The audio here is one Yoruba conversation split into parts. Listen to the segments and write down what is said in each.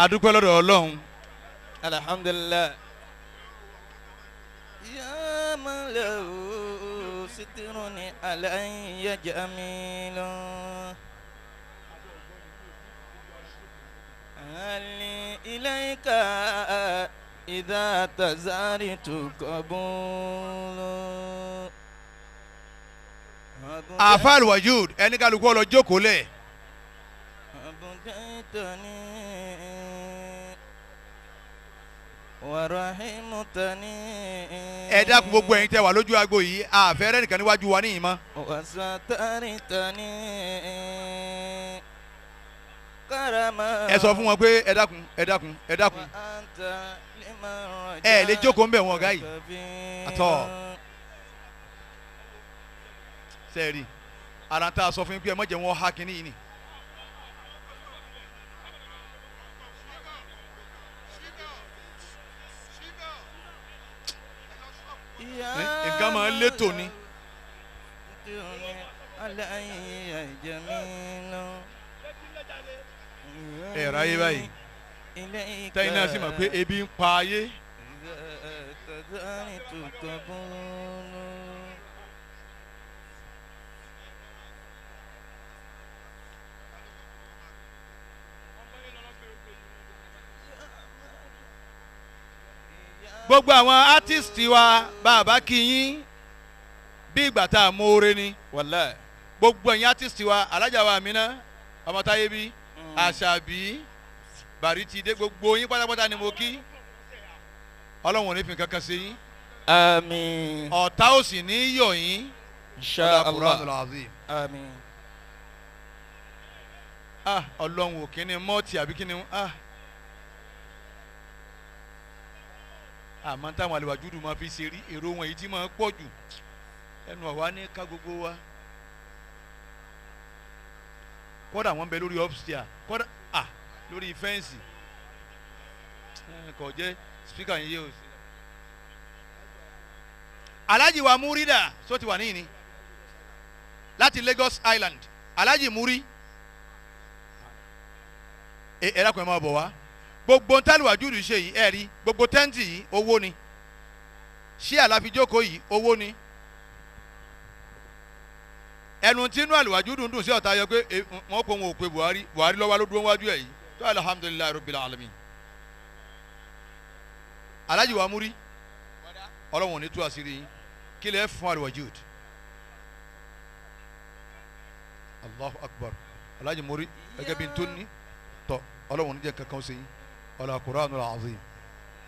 adúpẹ́ lọ́dọ̀ ọlọ́run. alhamdulilayi. ya man lahu sitrun alayya jamilun. هل إليك إذا تزارت قبول àfàlùwàjúd ẹni kálukú ọlọ jókòó lẹ. àbùdá ìtàn ni. ẹ dákun gbogbo ẹ̀yin tẹ wà lójú agbo yìí àfẹrẹ nìkan níwájú wa níyìn mọ. ẹ sọ fún wọn pé ẹ dákun ẹ dákun ẹ dákun ẹ lè jókòó nbẹ wọn ọgá yìí àtọ sẹẹri ara sọ fún yín pé ẹ má jẹ́ wọn ha yìí ni. nǹkan máa ń létò ni. ẹ̀rọ ayé báyìí tẹ́yìn náà sì mọ̀ pé ebi ń pa ayé. gbogbo àwọn artist wa bàbá kí yín bí ìgbà tá a mọ̀ọ́rẹ́ ni wàlá gbogbo ẹ̀yin artist wa alájà wa Amina ọmọtáyé bí mm. àṣàbí bàrítìdé gbogbo yín pátápátá ni mo kí ọlọ́run ò ní fi kankan ṣe yín àmín ọ̀tá ò sì ní yọ̀ yín insha Allah ah ọlọ́run ò kí ni mọ́ọ̀tì àbí kí ni ah. àmọ́ táwọn àlùwàjúdù máa fi ṣe rí èrò wọn èyí tí máa pọ̀ jù ẹnu ọ̀wá ní ká gbogbo wa kódà wọ́n bẹ lórí upstair kódà à lórí fẹ́ǹsì kò jẹ́ spíkà yìí o. Alhaji wa Murida so ti wà níyìn ni láti Lagos Island Alhaji Muri ẹ ẹ dákun ẹ máa bọ̀ wá gbogbo ntẹ́lùwà júùdù ṣe yìí ẹ̀ rí gbogbo tẹ́ǹtì yìí owó ni ṣí àlàfijókò yìí owó ni ẹnu tínú àlùwájú dùn dùn sí ọ̀tá yọ pé e, wọ́n kó wọn ò pe Buhari Buhari lọ́wọ́ ló dúró wájú ẹ̀ yìí tó alhamdulilayi rabbil alamin Alhaji wa Muri ọlọ́wọ̀n ní tú àṣírí kí lè fún àlùwájú dùn Allahu akbar Alhaji Muri gẹ́gẹ́ bí n tó ní tọ́ ọlọ́wọ̀n ní jẹ́ kankan ṣe yín ọ̀là kuranu azim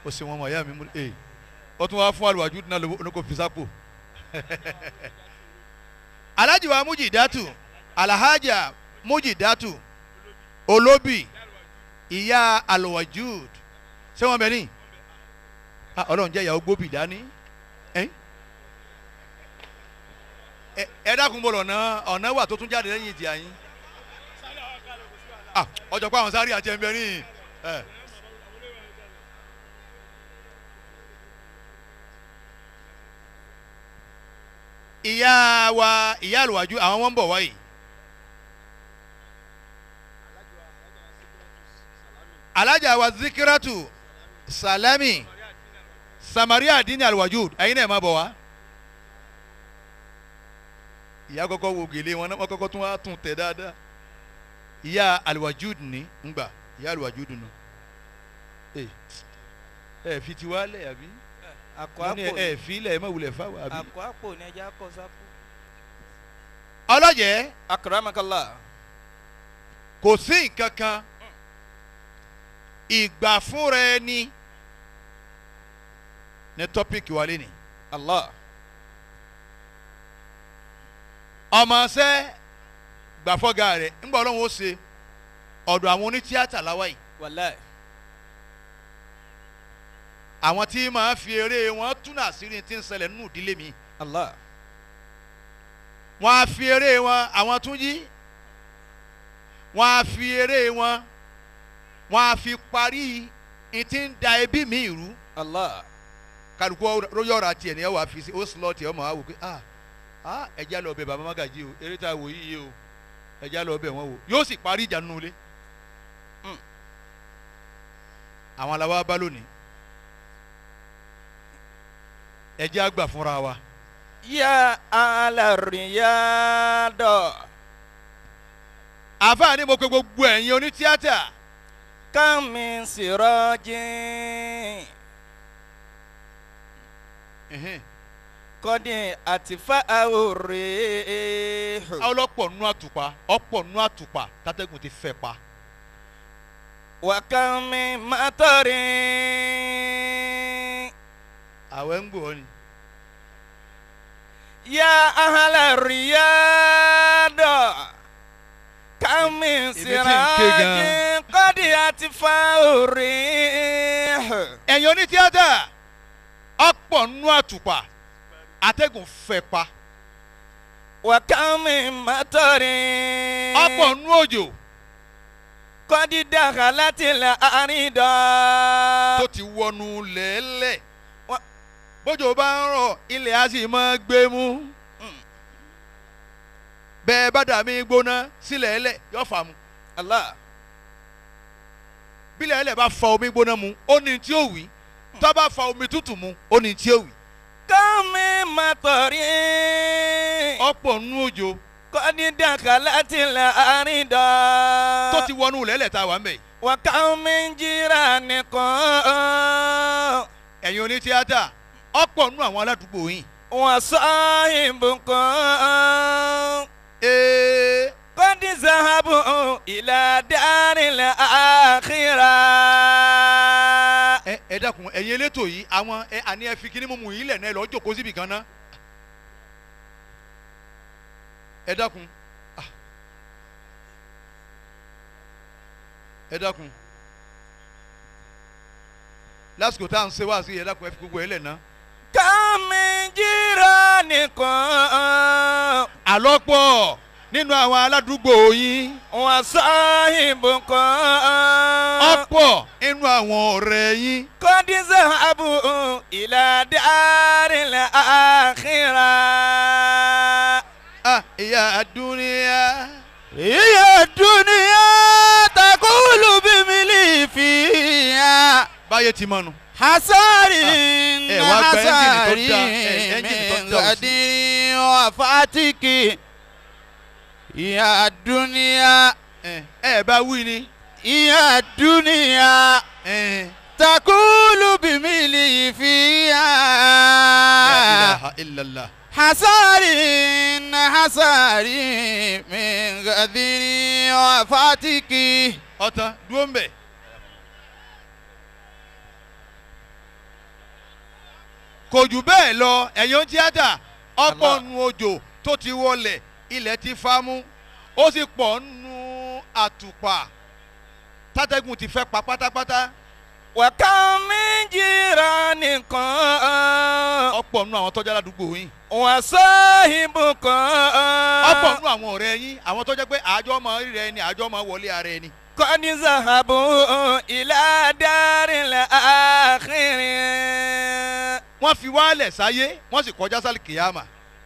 ó sì wọn mọ̀ ẹ̀yà mi mú ẹ̀ eh, ó tún wá fún àlùwájú dínà lówó oníkó fisapo alhaji wa mujidatu alhaja mujidatu olóbì ìyá alwajud ṣé wọn bẹ ní ọlọ́run jẹ́ ìyàwó gbóbì dání ẹ dákun bọ̀ lọ́nà ọ̀nà wà tó tún jáde lẹ́yìn ìdí àyín ah, ọjọ́ pé àwọn sáré àti ẹ̀mí ẹ̀rín ẹ̀. ìyá wa ìyá àlùwájú àwọn wọn ń bọ̀ wáyìí. alájà wa zikiratu salami samaria dini alwajud ẹ̀yin náà ẹ máa bọ̀ wá. ìyá kọ́kọ́ wo gèlè wọn náà kọ́kọ́ tún wá tún tẹ̀ dáadáa ìyá alwajud ni ngbà ìyá alwajud nù. ẹ ẹ fi ti wá lẹ̀ àbí àkọ́àpò ní ẹ filẹ̀ ẹ má wulẹ̀ fáwọn àbí. àkọ́àpò ní ẹja kọ sápò. ọlọ́jẹ́. akaramakala. kò sí nǹkan kan ìgbà fúnra ẹni ní tọ́píkì wa lé ní. Allah. ọmọ ṣẹ́ gbàfọ́gà rẹ̀ ńgbà ọlọ́run ó ṣe ọ̀dọ̀ àwọn onítíátà láwáyé àwọn tí màá fi eré wọn túnà sírí tí ń ṣẹlẹ̀ nínú ìdílé mi. Allah. á fi eré wọn àwọn tún yí wọ́n á fi eré wọn wọ́n á fi parí ìtí ń da ẹbí mi rú. Allah. kálukú yọ̀ọ̀ra tiẹ̀ ni ẹ wà fi ó sì tiẹ̀ ọmọ wa wò ah, ah ẹja lọ bẹ bàbá magaji o eré tá wò yìí o ẹja lọ bẹ wọn wò yóò sì parí ìjà nínú ilé. Hmm. àwọn aláwa bá lónìí ẹ jẹ́ àgbà fúnra wa. yá alárìnyá dọ̀. àfáà ni mo pe gbogbo ẹ̀yin onítíátà. kámi sírọ́jì. kọ́dí àtìfá àwòrè. ọlọ́pọ̀ nú àtùpà ọ̀pọ̀ nú àtùpà tátẹ́gùn ti fẹ́ pa. wàkàmí mátọ́rin àwẹ̀ ń gbòó ni. ya ahala riyada kàmi sirajin kọ́dí àti fáwọ̀rì. ẹ̀yin oní tíátà ọ̀pọ̀ nú àtùpà atẹ́gùn fẹ́ pa. wàkàmì mátọ́rì. ọ̀pọ̀ nú òjò kọ́dídà hàlátì là àárín dán. tó ti wọnú lẹ́lẹ̀. bójò bá ń rọ̀ ilẹ̀ á sì máa gbé mú hmm. bẹ́ẹ̀ bá dà gbóná sílẹ̀ ẹlẹ̀ yọ fà mu Allah bílẹ̀ ẹlẹ̀ bá fa omi gbóná mu ó ní tí ó wí hmm. tó bá fa omi tútù mu ó ní tí ó wí. kọ́mi máa tọ̀rí. ọ̀pọ̀ nínú òjò. kọ́ni dàkà láti là árín dán. tó ti wọnú lẹ́lẹ̀ tá a wà ń bẹ̀. wà kàmi jìrà nìkan. ẹ̀yin oní ọ̀pọ̀ nù àwọn aládùúgbò yìí. wọ́n sọ ìbùkún. ee. kọ́ndí zahabu ìlà dárìlẹ̀ àkírà. ẹ ẹ dákun ẹ̀yin elétò yìí àwọn ẹ àní ẹ fi kíní mímu yìí lẹ̀ náà lọ́ọ́ jókòó síbi kan náà. ẹ dákun ah. ẹ dákun lásìkò tá à ń ṣe wá sí dákun ẹ fi gbogbo ẹ lẹ̀ náà kàmíjìrà nìkan. àlọ́pọ̀ nínú àwọn aládùúgbò yín. wọ́n sáhìbù kan. ọ̀pọ̀ nínú àwọn ọ̀rẹ́ yín. kọ́dísà abu ìlàdí àrìnlẹ̀ àkìrà. ìyá àdúnyà. ìyá àdúnyà takulu bímílì fìyà. báyé ti mọ̀nù. hasari. Ah ẹ wá gba ẹ́ńjìnì tó dá ẹ́ńjìnì tó dá òsì. àfàtìkì ìyá dúníà. ẹ bá wí ni. ìyá dúníà. takulu bimili fiya. la ilaha illallah. حساري حساري من غدري وفاتكي أتا دومبي kò jù bẹ́ẹ̀ lọ ẹ̀yàn tíátà ọ̀pọ̀ nu òjò tó ti wọlẹ̀ ilẹ̀ ti fámú ó sì pọ̀ nu àtùpà tátẹ́gùn ti fẹ́ pa pátápátá. wàkà méjì ra nìkan. ọ̀pọ̀ nu àwọn tọ́jà ládùúgbò yín. wọ́n sọ ìbò kan. ọ̀pọ̀ nu àwọn ọ̀rẹ́ yín àwọn tọ́jà pé àjọ ọmọ rírẹ ẹni àjọ ọmọ wọlé ara ẹni. kọ́ni zahabu ìlà dárin lẹ́ wọ́n fi wálẹ̀ sáyé wọ́n sì kọjá sálì kìyàmà.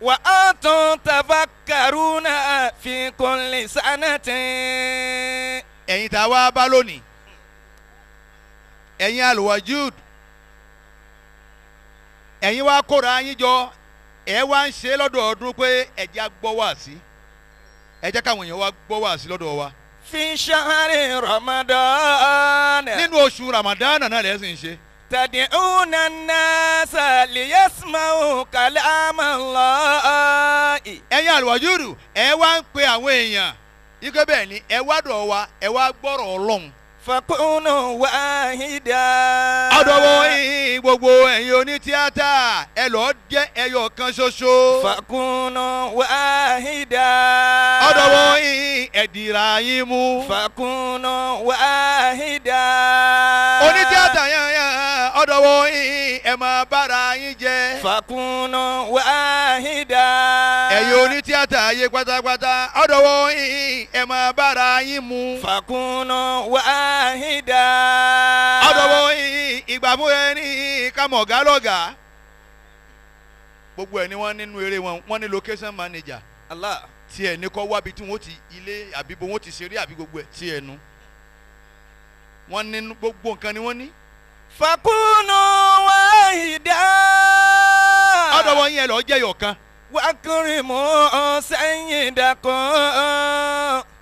wà á tún tafakkaruna fi kulli sanatin. ẹ̀yin tá a wá bá lónìí ẹ̀yin alwajud ẹ̀yin wá kóra yín jọ ẹ wá ń ṣe lọ́dọọdún pé ẹ̀jẹ̀ gbọ́ wá sí ẹ káwọn èèyàn wá gbọ́ wá sí lọ́dọ̀ wa. fi ṣahari Ramadan. nínú oṣù Ramadan náà lẹ́sìn ṣe. تدعون الناس ليسمعوا كلام الله. ẹ̀yin àlùwàjúrù ẹ wá ń pe àwọn èèyàn ike bẹ́ẹ̀ ni ẹ wá dọ̀ wa ẹ wá gbọ́rọ̀ ọlọ́run. fakunu wahida. ọ̀dọ̀wọ́ gbogbo ẹ̀yin onítíátà ẹ lọ́ọ́ jẹ́ ẹyọ kan ṣoṣo. fakunu wahida. ọ̀dọ̀wọ́ ẹ̀dìrà yín mú. fakunu wahida. takunu wahida. ẹ̀yin tíátà ayé pátápátá ọ̀dọ̀wọ́ yìí ẹ̀ máa bára yín mu. fakunu wahida. ọ̀dọ̀wọ́ yìí ìgbà fún ẹni kàmọ̀gá gbogbo ẹ ni wọn nínú eré wọn ní location manager. Allah tiẹ̀ ní kọ́ tí wọ́n ti ilé àbí bo gbogbo ẹ̀ tiẹ̀ nu. fakunu wahida. ọ̀dọ̀ wọn yẹn lọ jẹ́ yọ̀kan. wákùnrin mú sẹ́yìn dàkọ́.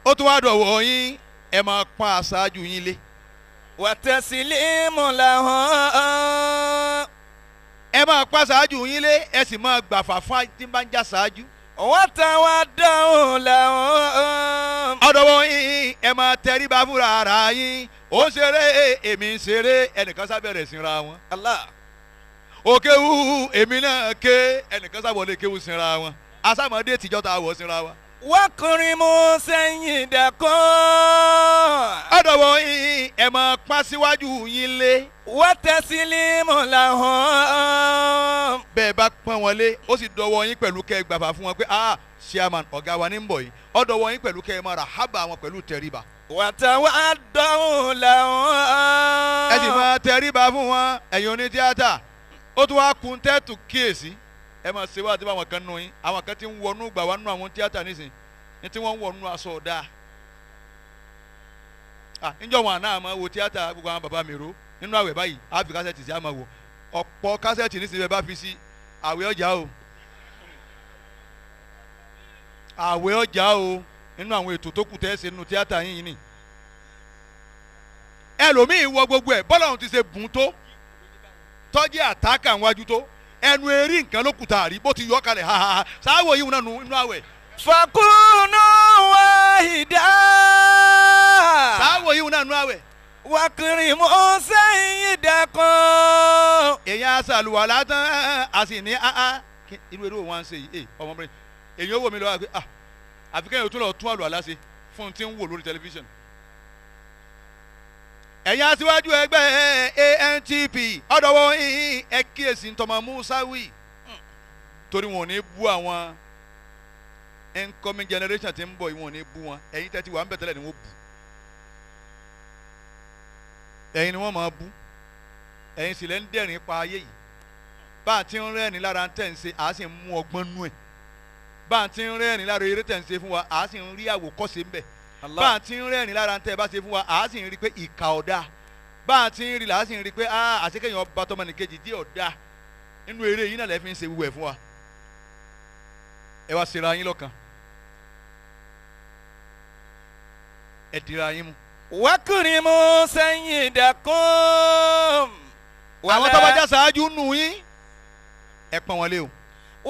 ó tún wá dọ̀wọ́ yín ẹ máa pa aṣáájú yín lé. wàtẹ́sílímù làwọn. ẹ máa pa aṣáájú yín lé ẹ sì máa gbà fàáfà tí bá ń já aṣáájú. wọ́n ta wá dáhùn làwọn. ọ̀dọ̀ yín ẹ máa tẹríba fúnra ara yín. ó ń ṣeré èmi ń ṣeré ẹnìkan sábẹ̀rẹ̀ sinra wọn ala ó kéwú èmi náà ké ẹnìkan sábọ̀lẹ̀ kéwú sinra wọn asámọ̀dé tìjọ́ ta sinra wọn. wákùnrin mú sẹ́yìn dẹ̀kọ́. ọ̀dọ̀wọ̀ yín ẹ̀ mọ̀ pa síwájú yín lé. wọ́n tẹ́sílẹ̀ mọ̀ làwọn. bẹ́ẹ̀ bá pọ́n ó sì dọwọ́ yín pẹ̀lú kẹ́ fún wọn pé ah chairman ọ̀gá wa ní ń bọ̀ yìí yín pẹ̀lú kẹ́ ẹ máa wọn pẹ̀lú tẹríba. wàtàwádọ́hùn làwọn. ẹ sì máa tẹríba fún wọn ẹ̀yin oní tíátà ó tún wá kun tẹ́tù kíyèsí ẹ máa ṣe wá àti báwọn kan nù yín àwọn kan ti ń wọnú gbà wá nù àwọn tíátà nísìnyí ní tí wọ́n ń wọnú aṣọ ọ̀dà níjọ́ wọn àná àmọ́ wo tíátà gbogbo àwọn bàbá mi ró nínú àwẹ̀ báyìí á kásẹ̀tì sí àmọ́ wò ọ̀pọ̀ kásẹ̀tì bẹ́ẹ̀ bá fi sí ọjà o àwẹ̀ ọjà o. nínú àwọn ètò tó kù tẹ́ ṣe nínú tíátà yín ni ẹlòmíín wọ gbogbo ẹ bọ́lá ti ṣe bùn tó tọ́jú àtàkà wájú tó ẹnu erí nǹkan ló kùtà àrí bó ti yọ kalẹ̀ ha ha ha sáwọ yìí náà nù inú àwẹ̀. fakunu wahida. sáwọ yìí náà nù àwẹ̀. wakiri musa yìí dẹ́kun. èyàn aṣàlùwà látàn a sì ní ah, ah, irú eré òun wá ń ṣe yìí eh, ọmọbìnrin èyàn ó wò lọ́wọ́ àgbẹ̀ ah àfi kẹ́yìn tó lọ tún àlọ́ àlá ṣe fún un tí ń wò lórí tẹlifíṣàn. ẹ̀yin aṣíwájú ẹgbẹ́ ANTP ọ̀dọ̀wọ́ yín ẹ kíyèsí ntọ́mọ Musa torí wọn ò ní bú àwọn incoming generation tí ń bọ̀ yìí wọn ò ní bú wọn ẹ̀yin tẹ́tí wà ń bẹ̀ tẹ́lẹ̀ ni wọ́n bú ẹ̀yin ni wọ́n máa bú ẹ̀yin sì lẹ́ ń dẹ̀rìn pa ayé yìí bá a ti ń rẹ́rìn lára tẹ̀ ń ṣe àá sì ń mú ọgbọ́n nú ẹ̀. bá a ti ń rẹ́rìn lára eré tẹ̀ ń fún wa àá sì ń rí àwòkọ́ṣe ń bẹ̀ bá a ti ń rẹ́rìn lára tẹ́ bá fún wa àá sì ń rí pé ìkà ọ̀dà bá a ti ń rí làá sì ń rí pé àṣekẹ́yìn ọba tọmọnìkejì dé ọ̀dà nínú eré yìí náà lẹ́ fi ń fún wa ẹ wá ṣera yín lọ́kàn ẹ dira yín mu. wákùnrin mú sẹ́yìn àwọn nù yín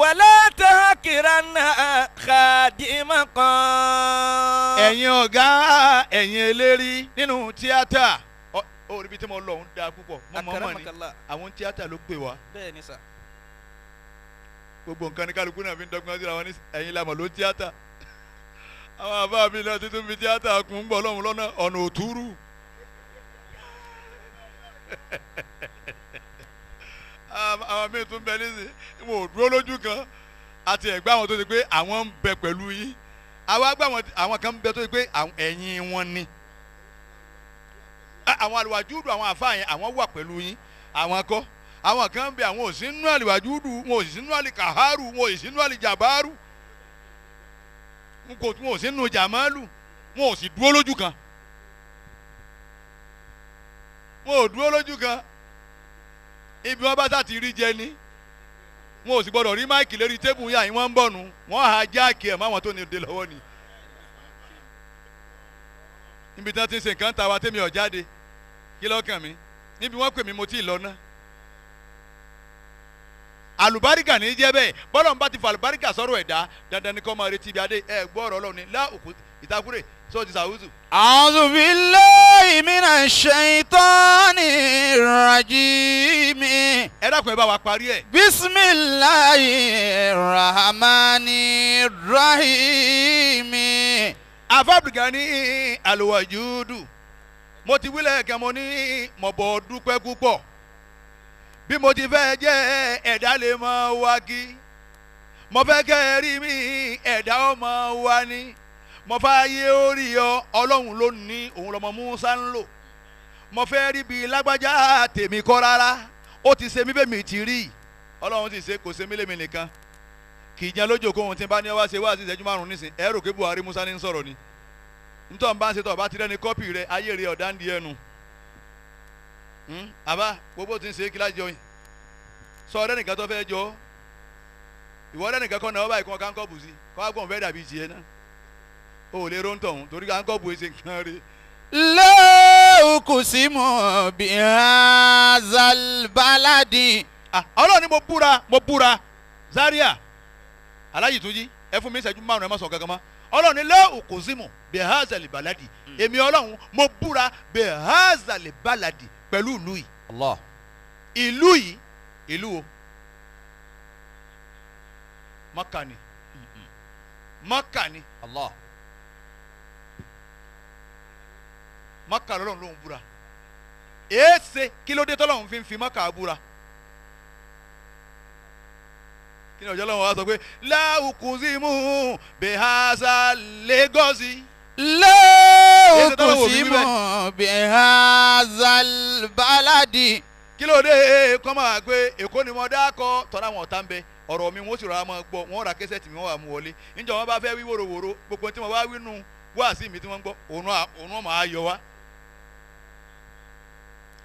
wàlẹ́ tẹ́ hàn kíra náà kàdìmọ̀ kan. ẹ̀yin ọ̀gá ẹ̀yin eléré nínú tíátà orí bí tí mo lọ ń da púpọ̀ mo mọ̀ mọ̀ ni àwọn tíátà ló pè wá. bẹ́ẹ̀ni sà. gbogbo nǹkan ní kálukú náà fi ń dọ́gbọ́n síra wọn ní ẹ̀yin lamọ̀ ló tíátà àwọn àbá mi náà tuntun fi tíátà kún ń lọ́hùn lọ́nà ọ̀nà òtúrú. àwọn míì tún bẹ nísìnyí wọn ò dúró lójú kan àti ẹ̀gbá àwọn tó ti pé àwọn ń bẹ pẹ̀lú yín àwa gbà wọn àwọn kan ń bẹ tó ti pé ẹ̀yìn wọn ni àwọn àlùwàjúùdù àwọn àfáà yẹn àwọn wà pẹ̀lú yín àwọn kọ́ àwọn kan ń bẹ àwọn ò sí nínú àlùwàjúùdù wọn ò sí nínú àlìkàhárù wọn ò sí nínú àlìjàbárù wọn ò sí nínú jàmálù wọn ò sì dúró lójú kan wọn ò dúró lójú kan ibi wọn bá sàti rí jẹ ni wọn ò sì gbọdọ̀ rí máìkì lérí tébù yà yín wọ́n ń bọ̀ nu wọ́n á jáàkì ẹ̀ máwọn tó ní òde lọ́wọ́ ni. níbi tí wọ́n ti ń ṣe nǹkan ta wa tẹ́mi ọ̀ kí lọ́kàn mi níbi wọ́n pè mí mo ti lọ ná. àlùbáríkà ní í jẹ́ bẹ́ẹ̀ bọ́lá ń bá ti fa àlùbáríkà sọ̀rọ̀ ẹ̀dá dandan ni kọ́ máa retí ibi adé ẹ̀ gbọ́ ọ̀rọ̀ ọlọ́run ni lá òkú ìtakùrẹ́ so ti sàwùzù. a'udhu billahi minash shaitanir rajim. ẹ dákun ẹ bá wa parí ẹ. bismillahir rahmanir rahim. àfàbùgà ní àlùwàjúdù mo ti wílẹ̀ kẹ́ mo ní mọ̀bọ̀ dúpẹ́ púpọ̀ bí mo ti fẹ́ jẹ́ ẹ̀dá lè mọ wá kí mo fẹ́ kẹ́ ẹ rí mi ẹ̀dá ọmọ wa ni mo fẹ́ ayé orí ọ ọlọ́run ló ní òun lọ́mọ Musa ń lò mo fẹ́ rí bíi lágbájá tèmi kọ́ rárá ó ti ṣe mí bẹ́mi ti rí ọlọ́run ti ṣe kò ṣe mí lèmi nìkan kì í jẹ́ lójó kó ohun tí n bá ní wá ṣe wá sí ìṣẹ́jú márùn-ún nísìn ẹ rò Buhari Musa ní sọ̀rọ̀ ni nítorí n bá ń ṣe tó ọba ti rẹ́ni kọ́pì rẹ ayé rẹ ọ̀dá ń di ẹnu hmm? àbá gbogbo ti ń ṣe kí lájọ yìí sọ ọ̀rẹ́ nìkan tó fẹ́ jọ ìwọ ọ̀rẹ́ nìkan kọ́ náà ọba ìkọ́ káńkọ́ bù kọ́ àgbọ̀n fẹ́ dàbí tiẹ̀ náà o lè ron tọ̀hún torí káńkọ́ọ̀bù ẹ̀ṣẹ̀ kan rí. lẹ́ẹ̀kùsímọ̀ bí azalbaladi. Ah, ọlọ́run ni mo búra mo búra Zaria aláyì tó yí ẹ fún mi ìṣẹ́jú márùn-ún ẹ má sọ kankan mọ́ ọlọ́run ni lẹ́ẹ̀kùsímọ̀ bí azalbaladi hmm. èmi ọlọ́run mo búra bí azalbaladi pẹ̀lú ìlú yìí. Allah ìlú yìí ìlú o Maka hmm, hmm. ni Allah. maka lọ́lọ́run lòún búra èèṣe kí ló dé tọ́lọ́run fi ń fi maka búra kí ni ọjọ́ lọ́wọ́ wa sọ pé láwùkùsímù bèhásà lẹ́gọ́sì. láwùkùsímù bèhásà bàládì. kí ló dé kọ́ máa gbé èkó ni mo dákọ́ tọ́lá wọn ọ̀tá ń bẹ ọ̀rọ̀ mi wọ́n sì rọra máa gbọ́ wọ́n ra kẹ́sẹ̀tì mi wọ́n wà mú wọlé níjọ́ bá fẹ́ wí wòròwòro gbogbo tí mo bá wí wá sí mi tí wọ́n gbọ́ òun máa yọ wá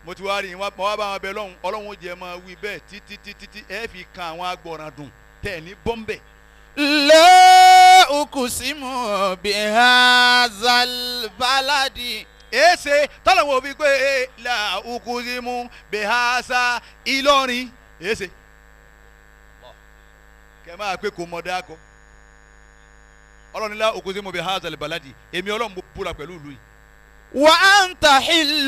mo ti wá rí wọn wá bá wọn bẹ lọ́hùn ọlọ́hun jẹ́ máa wí bẹ́ẹ̀ títí títí tí ẹ fi kan àwọn agbọ̀ràn dùn tẹ̀ ní bọ́m̀bẹ̀. la ukusimu bihazal baladi. èsè tọ́lọ̀wọ̀ fi pé la ukusimu bihaza Ìlọrin èsè kẹ máa pé kò mọ̀ dáko ọlọ́run la ukusimu bihazal baladi èmi ọlọ́run mo búra pẹ̀lú ìlú yìí. وأنت حل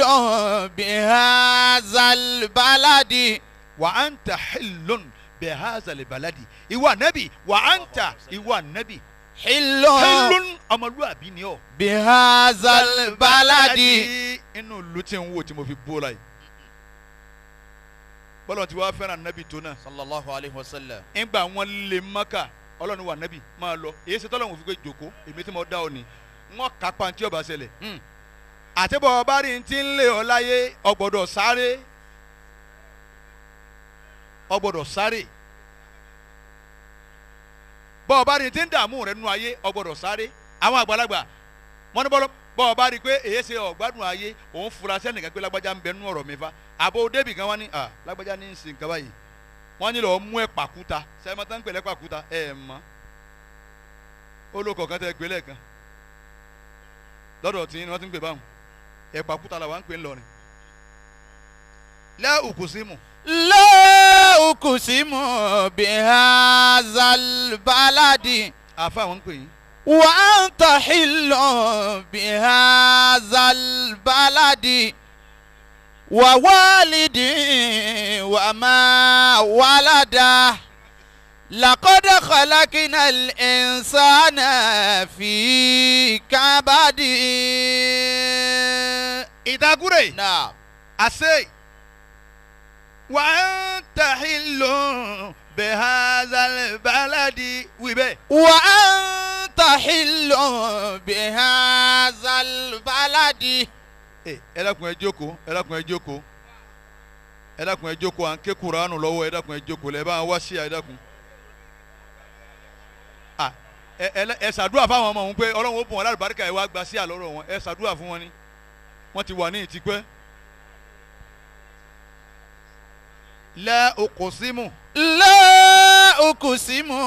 بهذا البلد وأنت حل بهذا البلد ìwọ Ànábì وأنت ìwọ Ànábì حل حل ọmọlúwàbí ni ọ́ بهذا البلد inú ìlú tí ń wò tí mo fi bó la yìí bọ́lá tí wàá fẹ́ràn Ànábì tó náà sallallahu alayhi wa sallam ńgbà wọn lè Mákà Ọlọ́run wà Ànábì máa lọ èyí ṣe tọ́lọ́run fi pé jòkó èmi tí mo dá ọ ni wọ́n kápá tí ó bá ṣẹlẹ̀. àtibọ̀ ọba rí ti ń lé ọ láyé ọgbọ́dọ̀ sáré ọgbọ́dọ̀ sáré bọ́ ọba rí ti ń dààmú rẹ nínú ayé ọgbọ́dọ̀ sáré àwọn àgbàlagbà wọ́n ní bọ́ ọba rí pé èyí ṣe ọ̀gbádùn ayé òun fura sẹ́nìkan pé lágbájá ń bẹ nínú ọ̀rọ̀ mi fa àbò débì kan ní lágbájá ní kaba yìí wọ́n ní mú pàkúta ẹ̀pà kúta làwọn ń pè ńlọrin lẹ́ òkùsímù. lẹ́ òkùsímù bihazal baladi. àfa àwọn ń pè yín. wà á ń ta hìlọ̀ bihazal baladi wà wálìdì wà máa wálàdà lakọ́dà kọ́lákínà ìnsánà fi kábàdì. ìdágúrè àṣẹ wà á tahilun bihazal baladi wíbẹ̀. wà á tahilun bihazal baladi. ẹ ẹ dákun ẹ jókòó ẹ dákun ẹ jókòó ẹ dákun ẹ jókòó à ń ké Kùránù lọ́wọ́ ẹ dákun ẹ jókòó lẹ bá ń wá sí ẹ dákun ẹ ṣàdúrà fáwọn ọmọ òun pé ọlọ́run ó bùn wọn lálùbáríkà ẹ gba sí àlọ́rọ̀ wọn ẹ ṣàdúrà fún wọn ni wọ́n ti wà ní ìtìpẹ́. la uqsimu. la uqsimu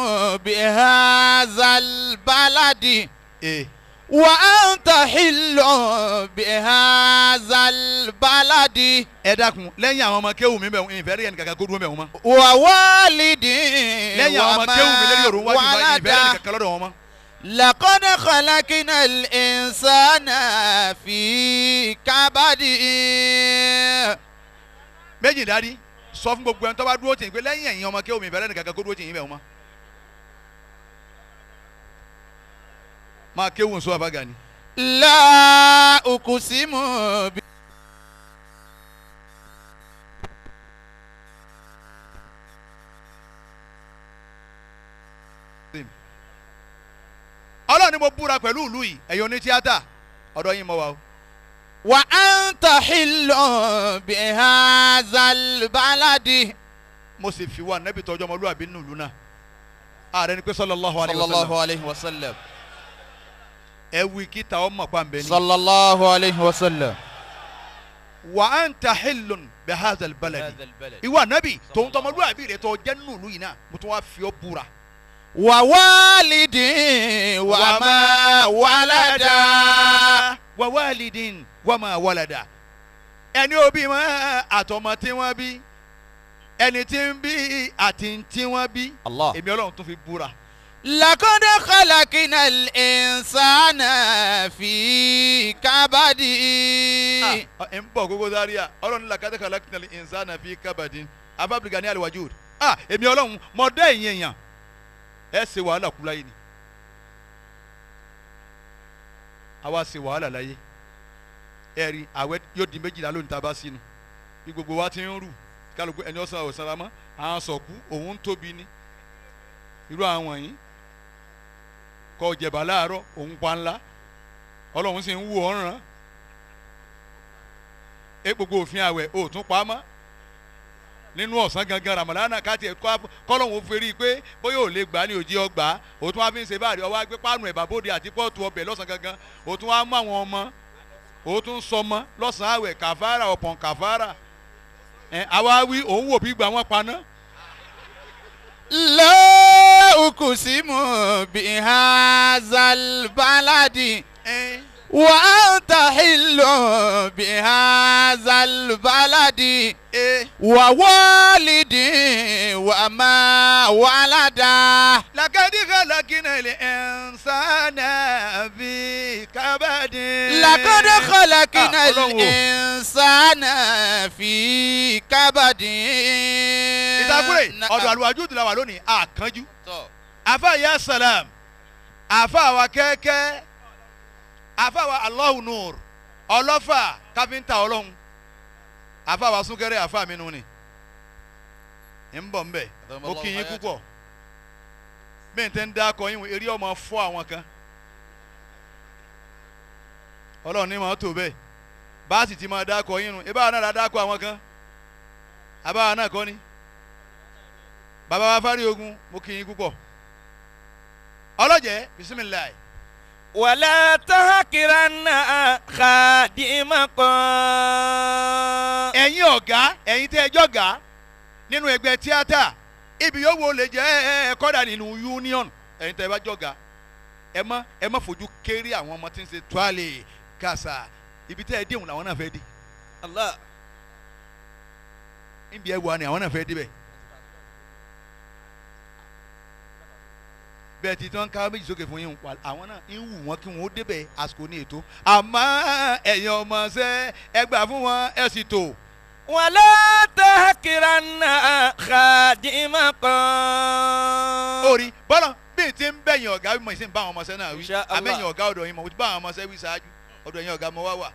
bihazal baladi. Eh. وأنت حل بهذا البلد ẹ dákun lẹ́yìn àwọn ọmọ kéwù mi bẹ̀rù ìfẹ́ rí ẹnì kankan kó dúró bẹ̀rù mọ́. wà wálìdì lẹ́yìn àwọn ọmọ kéwù mi lẹ́yìn òru wájú bá ìfẹ́ rí ẹnì kankan lọ́dọ̀ wọn mọ́. لقد خلقنا الإنسان في كبد. méjì dárí sọ fún gbogbo ẹni tó bá dúró tì í pé lẹ́yìn ẹ̀yin ọmọ kéwù mi ìfẹ́ rí ẹnì kankan kó dúró tì í bẹ̀rù mọ́. máa kéwù nsọ àbá gani. la ukusimu bi. ọlọ́run ni mo búra pẹ̀lú ìlú yìí ẹ̀yin oní tíátà ọ̀dọ̀ yín mọ́ wa o. wa anta hillun bi hazal baladi. mo sì fi wá nẹ́bí ọmọlúwàbí nùlú náà ààrẹ ni pé sallallahu alayhi wa sallam ẹ wí kíta ọmọ pàmbẹ ni. sallallahu alayhi wa sallam. wa anta hillun bi hadha albaladi ìwà nabi tòun tọmọlúwàbí rẹ tó jẹ́ nùlù yìí náà mo tún wá fi ọ́ búra wa walidin wa ma walada. wa walidin wa ma walada. ẹni òbí mọ àtọmọ tí wọ́n bí ẹni tí ń bí àti tí wọ́n bí. Allah èmi Ọlọ́run tún fi búra. لقد خلقنا الإنسان في كبد. ẹ ah, ń ah, bọ̀ gógó Zaria ọlọ́run ní لقد خلقنا الإنسان في كبد abdulgani alwajud ah, èmi ọlọ́run mọ dá ẹ̀yìn èèyàn ẹ ṣe wàhálà kú láyé ni àwa ṣe wàhálà láyé ẹ rí àwẹ̀ yóò di méjìlá lónìí tá a bá sínú bí gbogbo wa ti ń rù kálukú ẹni ọ̀sán ọ̀sán ramọ́ àwọn irú àwọn yìí Kọ jẹ̀bà láàárọ̀ òun pa ńlá ọlọ́run sì ń wù ọ́ ràn é egbogbo òfin àwẹ̀ ò tún pa á mọ́ nínú ọ̀sán gangan ramadana káti ẹ̀kọ́ kọ́lọ́hún pé bóyá ò lè gbà ní òjì ọgbà ó tún wá fi ń ṣe báàrí ọwọ́ ẹ̀bà bóde àti pọ́ọ̀tù ọbẹ̀ lọ́sàn gangan ó tún wá mú àwọn ọmọ ó tún lọ́sàn àwẹ̀ kàfàrà ọ̀pọ̀n kàfàrà ẹ̀ àwa wí òun wò bí gbà wọ́n paná لا أقسم بهذا البلد وأنت حل بهذا البلد ووالد وما ولد لقد خلقنا الإنسان abadin. lakọ́dé kọlákínà ìsànà fi kábàdín. ìtakùrẹ̀ ọ̀dọ̀ àlùwájú ìdílé wa lónìí àkànjú. àfa ya salam àfa wa kẹ́kẹ́ àfa wa Allahu nur ọlọ́fà káfíńtà ọlọ́run àfa wa súnkẹrẹ àfa mi nù ni ń bọ̀ ń bẹ̀ ó kí yín púpọ̀ bí n tẹ́ ń dá yín eré ọmọ fọ́ àwọn kan ọlọ́run ní mọ̀ tó bẹ́ẹ̀ bá a sì ti máa dákọ̀ yín nu ibà náà la dákọ̀ àwọn kan àbáwa náà kọ́ ni bàbá wa fárí ogun mo kì í púpọ̀ ọlọ́jẹ̀ bisimilayi. wàlá tahakiranna khadima kan. ẹ̀yin ọ̀gá ẹ̀yin tẹ́ ẹjọ́ ga nínú ẹgbẹ́ tíátà ibi yóò wo lè jẹ́ ẹ ẹ kọ́dà nínú union ẹ̀yin tẹ́ ẹ bá jọ ga ẹ má ẹ má fojú kéré àwọn ọmọ tí ń ṣe tuwálé kasa ibi tẹ́ ẹ dé òun làwọn náà fẹ́ di Allah níbi ẹ wà ni àwọn náà fẹ́ di bẹ́ẹ̀ bẹ́ẹ̀ tí tí wọ́n ká méjì sókè fún yín àwọn náà ń wù wọ́n kí wọ́n ó débẹ̀ àsìkò ní ètò àmọ́ ẹ̀yin ọmọ ṣẹ́ ẹ gbà fún wọn ẹ sì tò. wọ́n lọ tẹ́ kíranà kàdímà kan. orí bọ́lá bíi ti ń bẹ̀yìn ọ̀gá mi ìsìn bá àwọn ọmọ ṣẹ́ náà wí àmẹ́yìn ọ̀gá ọ̀dọ̀ yín mọ̀ mo ti bá àwọn ọmọ ṣẹ́ wí ṣáájú ọ̀dọ̀ ẹ̀yin ọ̀gá mo wá wà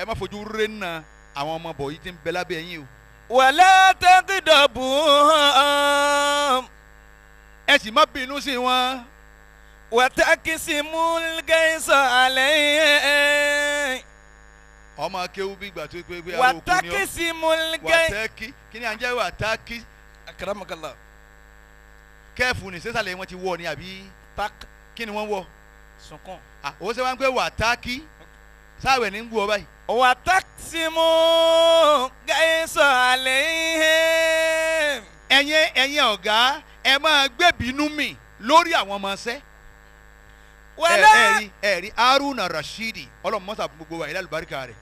ẹ má fojú rere nà àwọn ọmọ bọ̀ yìí ti ń bẹ lábẹ́ ẹ̀yin o. wàlẹ́ tẹ́kìdọ̀ bù hàn. ẹ sì má bínú sí wọn. wàtàkìsì múlgẹ́sọ̀ àlẹ́ yẹn. ọmọ akéwú bí ìgbà tó pé àwọn òkú ni ọ wàtàkìsì múlgẹ́. wàtàkì kí ni à ń jẹ́ wàtàkì. akaramakala. kẹ́ẹ̀fù ni sẹ́sàlẹ̀ wọn ti wọ̀ ni àbí. tak kí ni wọ́n wọ̀. sunkún. ó ṣe wá ń pẹ́ wàtàkì. sáwẹ̀ ní ọba báyìí. wà á tàkìsí mú àlẹ́ ihe. ẹ̀yin ẹ̀yin ọ̀gá ẹ máa gbẹ̀bínú mi lórí àwọn ọmọ ṣẹ́. wẹ́lẹ́ ẹ̀rí ẹ̀rí haruna rashidi ọlọ́run mọ́sá gbogbo wa rẹ̀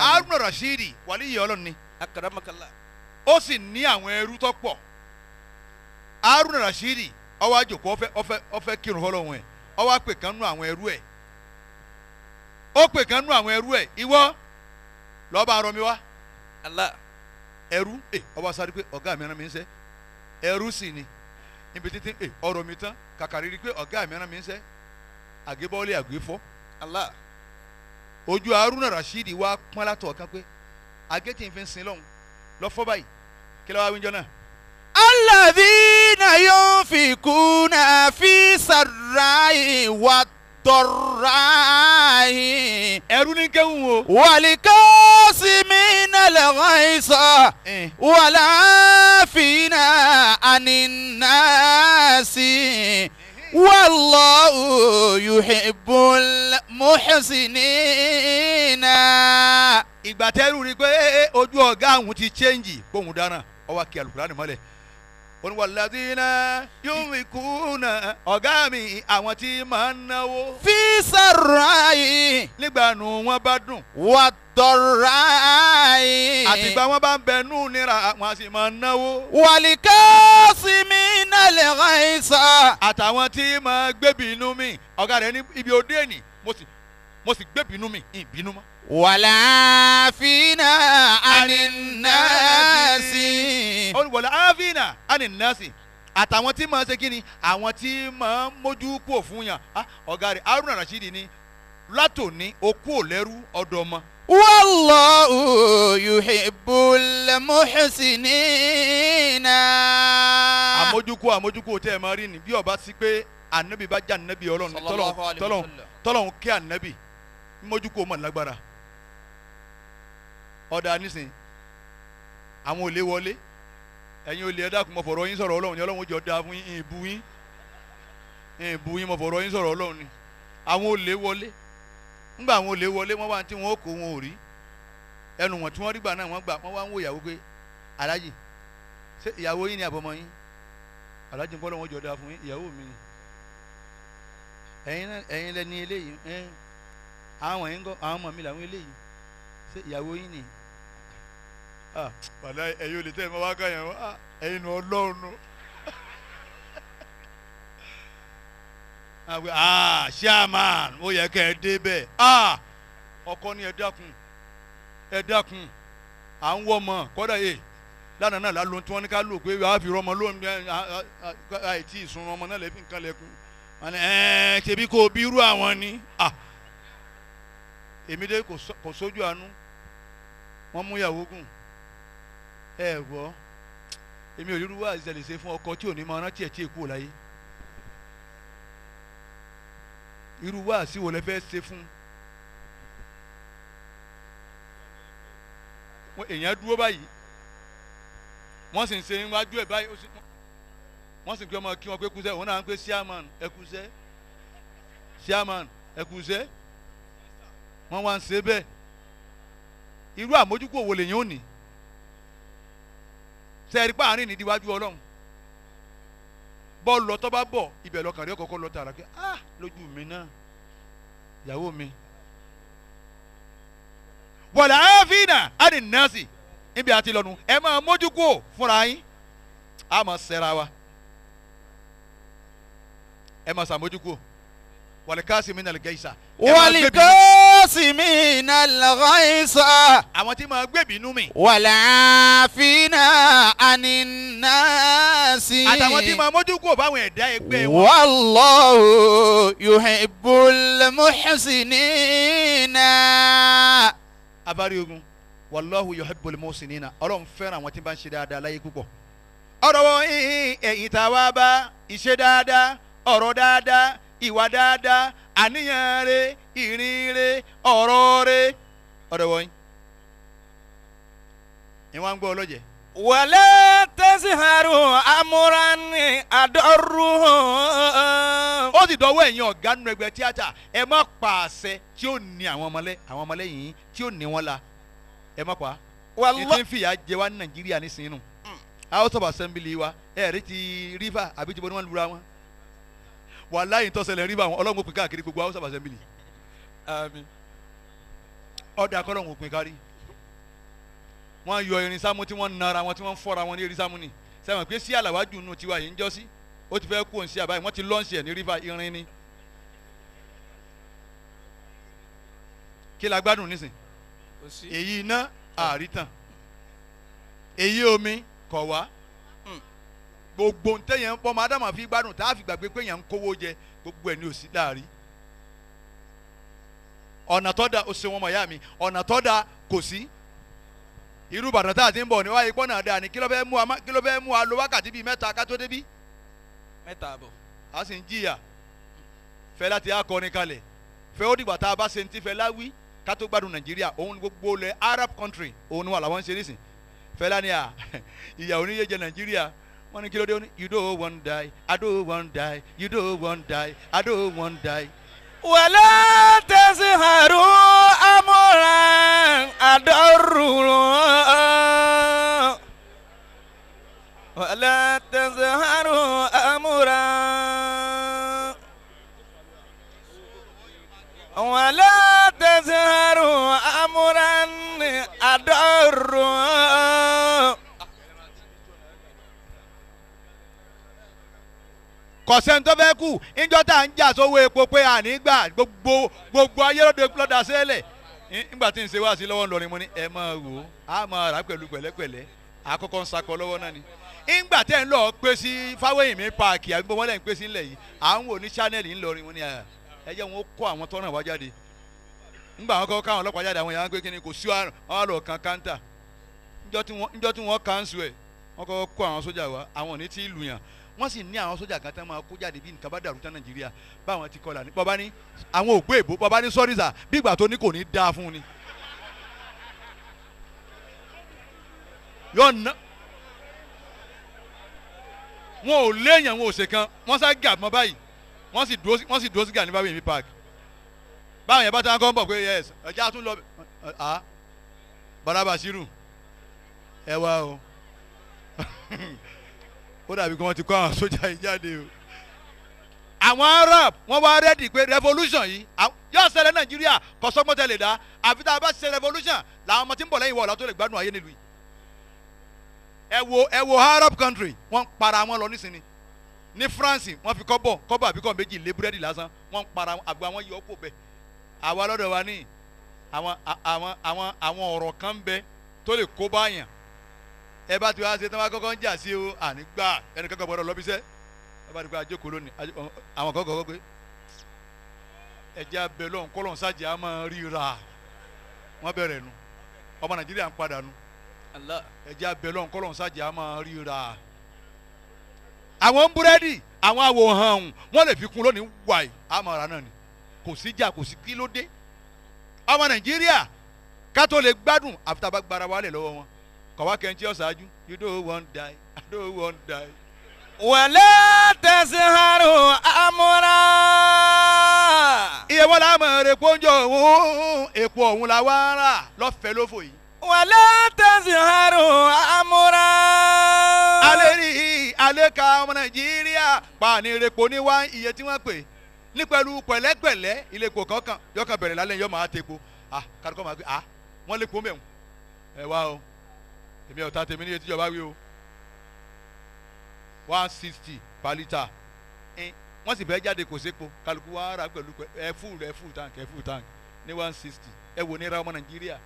haruna rashidi wàlíyé ọlọ́run ni. akaramakala. ó sì ní àwọn ẹrú tó pọ̀ haruna rashidi ó wá jókòó kírun ẹ̀ kan nú àwọn ó pè kan nú àwọn ẹrú ẹ̀ ìwọ lọ́ọ́ bá rọ mi Allah ẹrú ẹ ọba sáré pé ọ̀gá mi rán mi ń sẹ́ ẹrú sì ni níbi títí ẹ ọ̀rọ̀ mi tán kàkàrí rí pé ọ̀gá mi rán mi ń sẹ́ àgébọ́lé àgbéfọ́ Allah ojú Haruna Rasheed wá pọ́n látọ̀ kan pé agẹ́tì ń fi sin lọ́hùn lọ́fọ́ báyìí kí ló wá wíjọ náà. alladhina yunfikuna fi sarra'i wa dọ̀ráyìn. ẹrú ní kéwù o. wàlíkọ́ sí mi nàlẹ́ wọ́n ń sọ. wàlá fìnnà ànínáàsì. والله يحب المحسنين. ìgbà tẹ́rù rí i pé ojú ọ̀gá àwọn ti ṣéǹjì gbóhùn dáná ọwọ́ kí alukura ni mọ́lẹ̀ oníwàládínà yóò fi kùnà ọ̀gá mi àwọn tí máa ń náwó. fi sàrà yìí. nígbà nù wọn bá dùn. wà á tọ̀ra yìí. àtìgbà wọn bá ń bẹ nù nira wọn a sì máa náwó. wàlíkà sí mi náà lè ra ìsà. àtàwọn tí máa gbé bínú mi ọ̀gá rẹ̀ ní ibi òde ènì mo sì gbé bínú mi ìbínú mọ́ wàlá àfínà ànínàásì. olùwọ̀lá àfínà ànínàásì àtàwọn tí màá ṣe kí ni àwọn tí màá mójú kúò fún yàn ah, ọ̀gá rẹ̀ Haruna Rashidi ni látòní okú ò lẹ́rú ọ̀dọ̀ ọmọ. wallahu yuhibbul muhsinina. àmójúkú àmójúkú tẹ́ ẹ máa rí ni bí ọba sí pé ànábì bá jẹ́ ànábì ọlọ́run tọ́lọ́run kí ànábì mójúkú ó lágbára. ọ̀dà nísìn àwọn olè wọlé ẹ̀yin olè ẹ dákun mo fọ̀rọ̀ yín sọ̀rọ̀ ọlọ́run ni ọlọ́run jọ da fún yín ìbú yín ìbú yín mo fọ̀rọ̀ yín sọ̀rọ̀ ọlọ́run ni àwọn olè wọlé ńgbà àwọn olè wọlé wọ́n wá tí wọ́n kó wọn ò rí ẹnu wọn tí wọ́n rí gbà náà wọ́n gbà wọ́n wá ń ìyàwó pé ṣé ìyàwó yín ni àbọ̀mọ yín wàlá ah, ẹ̀yin ò lè tẹ́ ẹ̀ máa wá káyàn wá ah, ẹ̀yin nù ọlọ́run nù. ṣáàmán ah, ó yẹ kẹ́ ẹ dé bẹ́ẹ̀ ọkọ ni ẹ dákun ẹ dákun à ń wọ ọmọ kọ́dà yìí lánàá náà lálọ́ tí wọ́n ní ká lò pé wàá fi rọmọ lóun àìtí ìsun ọmọ náà lẹ́fí nǹkan lẹ́kùn ẹ ṣebí kò bí àwọn ni èmi dé kò sójú àánú wọ́n mú ìyàwó gùn ẹ gbọ́ èmi ò rí irúwà ìṣẹ̀lẹ̀ ṣe fún ọkọ tí ò ní máa rántí ẹ̀ tí èkó láyé irúwà sí wo lẹ fẹ́ ṣe fún èèyàn dúró báyìí wọ́n sì ń ṣe níwájú ẹ̀ báyìí wọ́n sì ń pè ọmọ kí wọ́n pé kúṣẹ́ òun náà ń pè chairman ẹ kúṣẹ́ chairman ẹ kúṣẹ́ wọ́n wá ń ṣe bẹ́ẹ̀ irú àmójúkò wo lèyàn ò ní sẹ́ẹ̀rí pa àárín nídìíwájú ọlọ́run bọ́ọ̀lù ọtọ́ bá bọ̀ ibẹ̀ lọ́kàn rẹ̀ kọ́kọ́ lọ tààrà ah lójú mi náà ìyàwó mi. wọ̀lá àfínà àdì nọ́ọ̀sì níbi àti lọ́nu ẹ máa mójú kúò fúnra yín a máa sẹ́ra wa ẹ máa sàmójú kúò wàlíkàsí mi nàlẹ́ gẹ́sà. wàlíkàsí mi nàlẹ́ gẹ́sà. àwọn tí màá gbé bínú mi. wàlàáfínà ànínáàsì. àtàwọn tí màá mójú kúrò báwọn ẹ̀dá ẹgbẹ́ wọn. wallahu yuhibbul muhsinina. abárí ogun wallahu yuhibbul muhsinina ọlọ́run fẹ́ràn àwọn tí bá ń ṣe dáadáa láyé púpọ̀ ọ̀rọ̀ wọ̀nyí ẹ̀yìn tá a wá bá ìṣe dáadáa ọ̀rọ̀ dáadáa ìwà dáadáa àníyàn rẹ̀ ìrìn rẹ̀ ọ̀rọ̀ rẹ̀ ọ̀dọ̀ wọ̀nyí. ìwọ̀n ń gbọ́ ọlọ́jẹ̀. wàlẹ́ tẹ́síhàrù amúrání àdọ́rù. ó sì dọwọ́ ẹ̀yin ọ̀gá nínú ẹgbẹ́ tíátà ẹ má pa àṣẹ tí ó ní àwọn ọmọlẹ́ àwọn ọmọlẹ́yìn tí ó ní wọn la ẹ má pa. wàlọ́ ètò ìfìyà jẹ wá ní nàìjíríà nísìnyí nù. Mm. house of assembly wa ẹ̀ẹ́dì ti river àbí ti bọ́ ni wọ́n lura wọn wàláyé tọ́sẹ̀lẹ̀ rí báwọn ọlọ́run pín káàkiri gbogbo house of assembly àmín ọ̀dà kọ́lọ́run pín kárí wọ́n yọ irin sámú tí wọ́n nara wọn tí wọ́n fọ́ra wọn ní irin sámú ni sẹ́wọ̀n pé sí àlàwájú nù tiwa yìí ń jọ́sí ó ti fẹ́ kú òun àbáyé wọ́n ti lọ́ọ̀ṣì ẹ̀ ní rífà irin ni kí la gbádùn nísìn èyí iná àrítàn èyí omi kọ̀ wá gbogbo ń tẹ̀yẹ̀ ń pọ́ ọmọ ádámà fi gbádùn tá a fi gbàgbé pé yẹn ń kówó jẹ gbogbo ẹ̀ ní òsì láàrí ọ̀nà tó da òsè wọn mọ̀ mi ọ̀nà tó da kò sí irú bàtà tá a ti ń bọ̀ ní wáyé pọ́nà dáa ni kí ló fẹ́ mú a kí ló fẹ́ mú a lo wákàtí bíi mẹ́ta ká tó débí. mẹ́ta àbọ̀. a sì ń jìyà fẹ́ láti akọrin kalẹ̀ fẹ́ ó dìgbà tá a bá ṣe ti fẹ́ láwí ká tó gbádùn nàìjíríà òun gbogbo lẹ̀ arab country òun wà làwọn ń ṣe nísìn fẹ́ lá ni à ìyà oníyẹ jẹ When you don't, you don't want die. I don't want die. You don't want die. I don't want to die. ولا تزهروا أمرا أدروا ولا تزهروا أمرا ولا تزهروا أمرا أدروا kọ̀sẹ́ni tó fẹ́ kù níjọ́ tá à ń jà sówó epo pé ànígbà gbogbo gbogbo ayé lọ́dà sẹ́lẹ̀ nígbà tí n ṣe wá sí lọ́wọ́ ńlọrin mo ní ẹ máa wò ó a máa rà pẹ̀lú pẹ̀lẹ́pẹ̀lẹ́ àkọ́kọ́ ń sakọ lọ́wọ́ náà ni nígbà tẹ́ ń lọ pé sí fáwẹ́yìnmí paaki àgbẹ̀ wọn ń sí ńlẹ̀ yìí à ń wò ní ńlọrin mo ní ni kò wọn kan káńtà ńjọ́ tí wọ́n wọ́n sì ní àwọn sójà kan tán máa kó jáde bí nǹkan bá dàrú tán nàìjíríà báwọn ti kọlà ní bọ́bá ní àwọn ògbó èbó bọ́bá ní sọ́rí sà bí ìgbà tó ní kò ní dáa fún ni. yọ̀ọ̀nà wọn ò léèyàn wọn ò ṣe kan wọ́n sá gà mọ́ báyìí wọ́n sì dúró wọ́n sì dúró sí gà ní bábí mi park báwọn yẹn bá tán kọ́ ń bọ̀ pé yes ẹja tún lọ ah Barabasiru ẹ wá o. ó dàbí kí wọ́n ti kó àwọn sójà yìí jáde o àwọn arab wọ́n wá rẹ́dì pé revolution yìí yóò ṣẹlẹ̀ nàìjíríà kọ́sọ́gbọ́n tẹ̀lé dá àfi tá a bá ṣe revolution làwọn ọmọ tí ń bọ̀ lẹ́yìn wọ̀ ọ̀la tó lè gbádùn ayé nílùú yìí ẹ wo ẹ wo arab country wọ́n para wọn lọ nísìnyí ní france wọ́n fi kọ́bọ̀ kọ́bọ̀ àbíkọ́ méjì lé búrẹ́dì lásán wọ́n para àgbà wọn yọ kó bẹ́ẹ̀ àwa lọ́dọ̀ wa ní àwọn àwọn àwọn ọ̀rọ̀ kan bẹ tó lè kó báyàn ẹ bá ti wá ṣe tí wọ́n bá kọ́kọ́ ń jà sí o ànígbà ẹnì kankan gbọ́dọ̀ lọ bí sẹ́ ẹ bá ti gba àjókòó lónìí àwọn kan kọ́kọ́ pé ẹ̀jẹ̀ abẹ lọ́n kọ́lọ́n sájà á máa ríra wọ́n bẹ̀rẹ̀ nu ọmọ Nàìjíríà ń padà nu ẹ̀jẹ̀ abẹ lọ́n kọ́lọ́n sájà á máa ríra àwọn búrẹ́dì àwọn àwòhàn wọn lè fi kun lónìí wàyí àmọ̀ràn náà ni kò sí jà kò sí kí ọmọ nàìjíríà ká lè gbádùn àfi tá lọ́wọ́ wọn kọ̀wá kẹ́ntì ọ̀ṣáájú you don't want die I don't want die. wẹ̀lẹ́ tẹ̀síhàrù amúra. iye wọn làá mọ̀ èrè òun èpo ọ̀hún la wá rà lọ́fẹ̀ẹ́ lófò yìí. wẹ̀lẹ́ tẹ̀síhàrù amúra. alẹ́ rí alẹ́ ka ọmọ nàìjíríà pàní ìrèpò ní wá iye tí wọ́n pè ní pẹ̀lú pẹ̀lẹ́pẹ̀lẹ́ ìlẹ̀kọ̀ kankan yọkàn bẹ̀rẹ̀ lálẹ́ yọ máa ah kárìkọ́ máa gbé ah wọ́n lè pọ́ mẹ́wọ̀n ẹ̀ wá o èmi ọ̀tá tèmi ní etíjọba wí o one sixty per litre wọ́n sì fẹ́ jáde kò sépo kálukú wa ara pẹ̀lú ẹ fúù tank ẹ fúù tank ní one sixty ẹ wò ní ra ọmọ nàìjíríà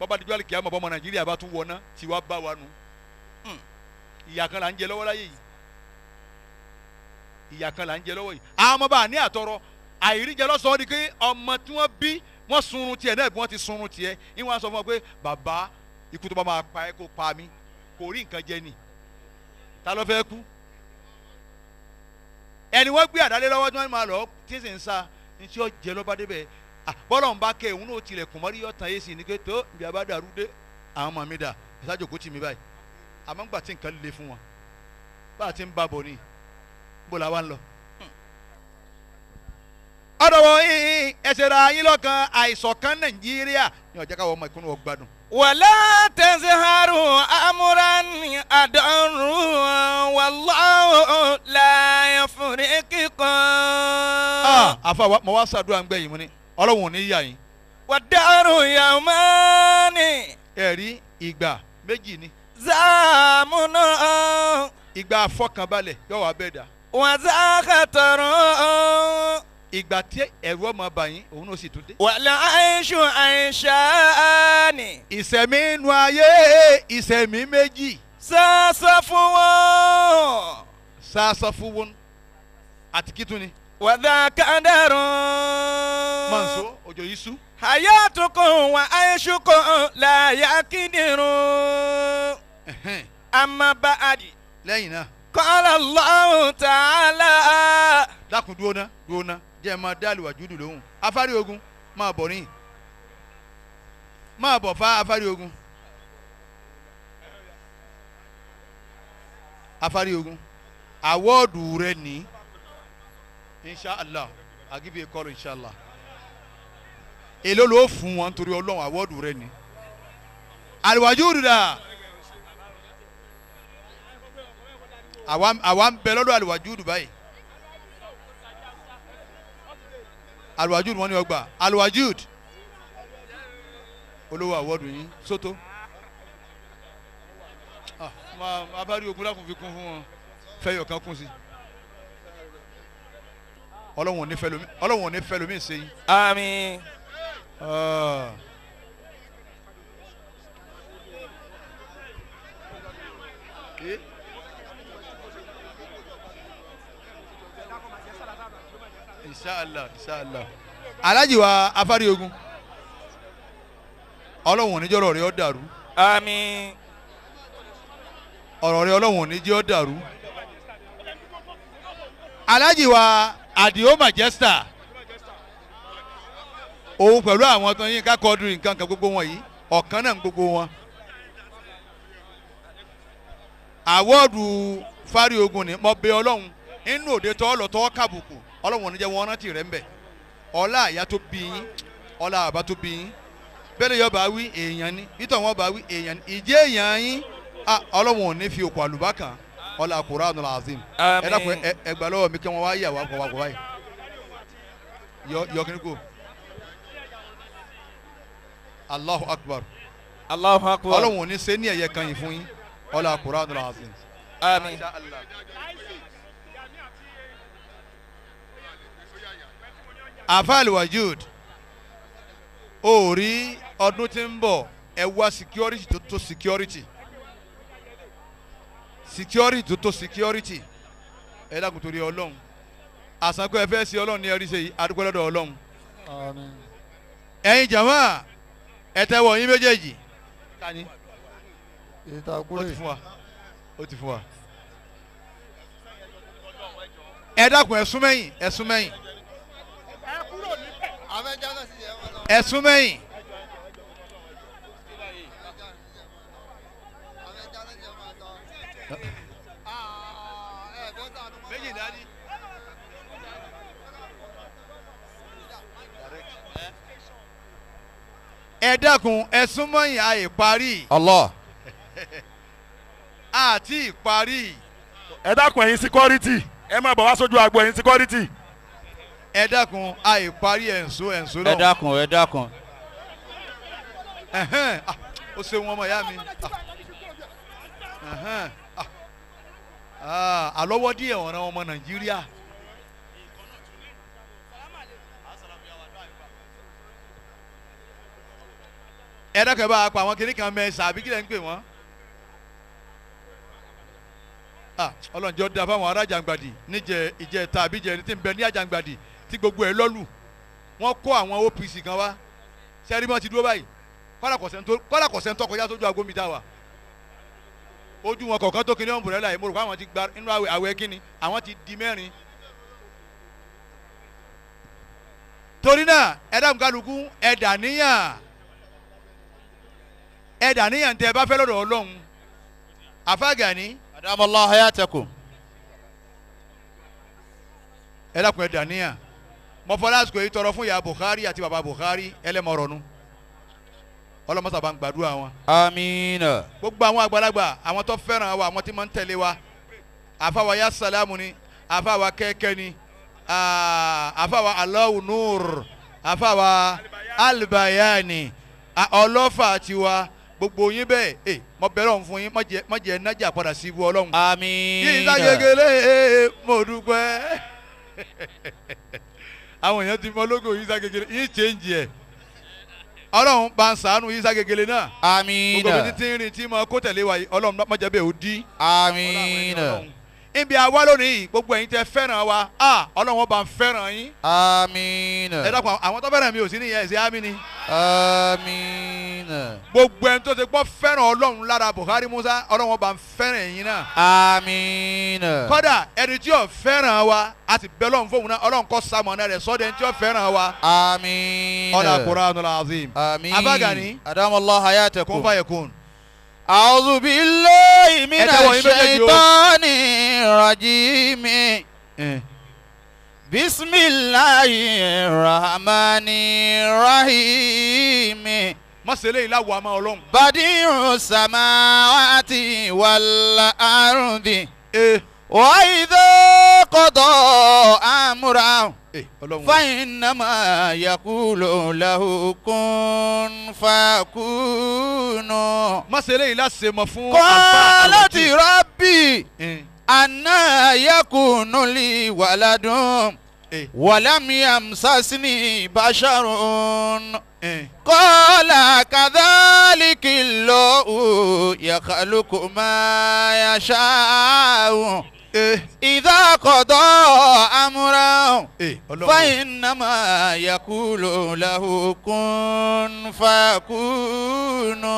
bàbá àdìjọ́ àlìkí àmọ̀ ọmọ nàìjíríà bá tún wọná tí wàá bá wa nù hmm. ìyà kan là ń jẹ lọ́wọ́ láyé yìí ìyà kan là ń jẹ lọ́wọ́ yìí àwọn ọmọ bá ní àtọrọ àìríjẹ lọ́sọ̀ọ́ di pé ọmọ tí wọ́n bí wọ́n sunrun tiẹ̀ náà bí wọ́n ti sunrun tiẹ̀ ìwọ̀n sọ fún wọn pé ikú tó bá máa pa ẹ́ kó pa mí kò rí nǹkan jẹ ni ta ló fẹ́ kú ẹni wọ́n gbé àdálẹ́ lọ́wọ́ tí wọ́n máa lọ tí sì ń sa ní tí ó jẹ lọ́ba débẹ̀ bọ́lọ̀ ń bá kẹ́ òun náà tilẹ̀kùn mọ́rí ọ̀tàn yé sí ni pé tó ibi àbá dàrú dé àwọn ọmọ mi dà ìsájòkó tì mí báyìí àmọ́ ń gbà tí nǹkan le fún wọn bá a ti ń bá bọ̀ ni bó la wá ń lọ. ọ̀dọ̀wọ̀ yìí ẹ̀sẹ̀ ra yín lọ́kàn àìsàn kan Nàìjíríà ni ọ̀jẹ̀ káwọn ọmọ ìkúnnú ọgbàdùn ولا تزهروا أمرا أدروا والله لا يفرق قا. Ah, àfa mo wá sàdúrà ń gbẹ̀yìn mu ni ọlọ́run ò ní yà yín. ya ẹ̀rí ìgbà meji ni. záàmùnà. ìgbà àfọkànbalẹ̀ yóò wá bẹ́ẹ̀ ìgbà tí ẹ̀rú ọmọ bá yín òun náà sì tún dé. wàlẹ̀ àìṣù àìṣàánì. ìṣẹ̀mí inú ayé ìṣẹ̀mí méjì. sàṣà fún wọn. sàṣà fún wọn àti kìtù ni. wàdà kàdàrú. mọ̀nsó òjò yìí sú. hayatukum wa aishukum la yakidirun. amma ba'adi. lẹ́yìn náà. qala Allahu ta'ala. dákun dúró ná dúró ná jẹ́ máa dá àlùwàjúdù lóhùn afárí ogun máa bọ̀ níyìn máa bọ̀ fá afárí ogun afárí ogun awọ́ọ̀dù rẹ ní inshallah I'll give you a call inshallah èló ló fún wọn torí ọlọ́run awọ́ọ̀dù rẹ ní àlùwàjúdù dà àwa ń bẹ lọ́dọ̀ àlùwàjúdù báyìí. alwajud wọn ni ọgbà alwajud olówó àwọdù yín sótó abárí ah, ogun lákùn fi kún fún wọn fẹyọ kan kún sí ọlọ́wọ̀n ò ní fẹ́ lómi ìsẹ́yìn. àmín. Okay. Ah. insha Allah Allah alhaji wa afárí ogun ọlọ́run oníjọ́ ọ̀rọ̀ rẹ ó dàrú. àmín. ọ̀rọ̀ rẹ ọlọ́run oníjọ́ ó dàrú. alhaji wa adio majesta òun pẹ̀lú àwọn tó yín ká kọ́ọ̀dù nǹkan kan gbogbo wọn yìí ọ̀kan náà gbogbo wọn. àwọ̀dù fárí ogun ni mo bẹ ọlọ́run inú òde tọ́ ọ lọ tọ́ ọ kàbùkù ọlọ́wọ́n ní jẹ́ wọ́n rántí rẹ̀ ń bẹ̀ ọlá àyà tó bí yín ọlá àbá tó bí yín bẹ́ẹ̀ yọba wí èèyàn ni bítọ̀ wọn bá wí èèyàn ni ìjẹ́ èèyàn yín ọlọ́wọ́n ní fi òkú àlùbákan ọlá Qur'an al-Azim ẹ dákun ẹ gbà lọ́wọ́ mi kí wọ́n wá yà wá kọ́ wá kọ́ báyìí yọ Akbar Allahu Akbar ọlọ́wọ́n ní sẹ́ni ẹ̀yẹ kan yìí fún yín ọlá Qur'an al-Azim. Àmín. afal wajud òòrí ọdún tí ń bọ̀ ẹ wá security tó tó security security tó tó security ẹ dákun torí ọlọ́run àsàkó ẹ fẹ́ ṣe ọlọ́run ní ẹrí ṣe yìí adúgbò lọ́dọ̀ ọlọ́run ẹ̀yin jàmá ẹ tẹ́wọ́ yín méjèèjì ó ti fún wa ó ti fún wa ẹ dákun ẹ sún mẹ́yìn ẹ ẹ̀sùn mẹ́yìn. ẹ dákun ẹ̀sùn mọ́yìn àì parí. Allah. àti ìparí. ẹ dákun ẹ̀yin security ẹ má bọ̀ wá sójú agbo ẹ̀yin security ẹ dákun àì parí ẹ̀ǹso ẹ̀ǹso náà. ẹ dákun ẹ dákun. o ṣeun ọmọ ìyá mi àlọ́wọ́ díẹ̀ ọ̀ràn ọmọ nàìjíríà. ẹ dákun ẹ bá a pa àwọn kiri kan mẹ́sà àbí kílẹ̀ ń pè wọ́n. ọlọ́njọ́ dáa fáwọn arájàngbàdì níjẹ ìjẹta àbíjẹ ẹni tí ń bẹ ní àjàngbàdì tí gbogbo ẹ̀ lọ́lù wọ́n kó àwọn OPC kan wá sẹ́rí mọ́ ti dúró báyìí kọ́lá kọ̀sẹ́ntọ́ kọjá sójú agbómi tá a wà ojú wọn kọ̀ọ̀kan tó kiri ọ̀nbùrẹ́là yìí mo rò pé àwọn ti gba inú àwẹ̀ àwẹ̀ kínni àwọn ti di mẹ́rin torí náà ẹ̀dá nǹkanukú ẹ̀dá níyàn ẹ̀dá níyàn tẹ́ ẹ bá fẹ́ lọ́dọ̀ ọlọ́run àfàgàní. adamallah hayatakum. ẹ̀dá kun ẹ̀dá níyàn mo fọlá àsìkò yìí tọrọ fún ìyá Buhari àti bàbá Buhari ẹlẹ́mọ̀rọ̀nu ọlọ́mọsà ń gbàdúrà wọn. amiina. gbogbo àwọn àgbàlagbà àwọn tó fẹ́ràn wa àwọn tí máa ń tẹ̀lé wa àfàwà ya salamu ni àfàwà kẹ́kẹ́ ni àfàwà alahu nur àfàwà albayani ọlọ́fà tiwa gbogbo yín bẹ́ẹ̀ ẹ eh, mọ bẹ̀rẹ̀ ọ̀hún fún yín mọ jẹ́ nájà padà sí ibu ọlọ́run. amiina. yìí sáyẹ̀gẹ̀lẹ̀ mo dúpẹ́. àwọn èèyàn ti mọ lógo Isa Gegele yìí change ẹ̀ ọlọ́run bá ń sàánú Isa Gegele náà. amiina gbogbo títí ń rìn tí mo kó tẹ̀lé wa yìí ọlọ́run má jẹ́ dí. amiina níbi àwa lónìí gbogbo ẹ̀yin tẹ fẹ́ràn wa a ọlọ́run ọba ń fẹ́ràn yín. amiina. ẹ dàpọ̀ àwọn tó fẹ́ràn mi ò sí nìyẹn ẹ̀sìn amini. amiina. gbogbo ẹni tó ti gbọ́ fẹ́ràn ọlọ́run lára Buhari Musa ọlọ́run ọba ń fẹ́ràn yín náà. amiina. kọ́dà ẹni tí yóò fẹ́ràn wa a ti bẹ́ lọ́run fóun náà ọlọ́run kọ́ sàmọ̀ náà rẹ̀ sọ́dẹ̀ ẹni tí yóò fẹ́ràn wa. amiina. ọ̀là Qur'anul azim. amiina. abagani. adamu Allah hayatakum. kun fayakun. أعوذ بالله من الشيطان الرجيم بسم الله الرحمن الرحيم mọ̀sẹ̀lẹ̀ ìlàwọ̀ àmọ́ ọlọ́run. bàdírù sàmáwátì wàlà àrùndì. Eh. wọ́n ìdó kọ́dọ̀ àmúra fàyínàmà yàkúlò làhùkún fàkúnù. má ṣe eléyìí láṣẹ mọ fún àlùfáà àlùfáà. kọ́ láti rọ́bì àná yàkúnù lè wàládùn wàlámìàm sásìnì bàṣàrùn. kọ́lá kàdálìkì lọ́ọ́ yàkàlùkù máa yàṣà ìdá kọ̀dọ̀ amúra fàyínàmà yakúlò làhùkún fàkúnù.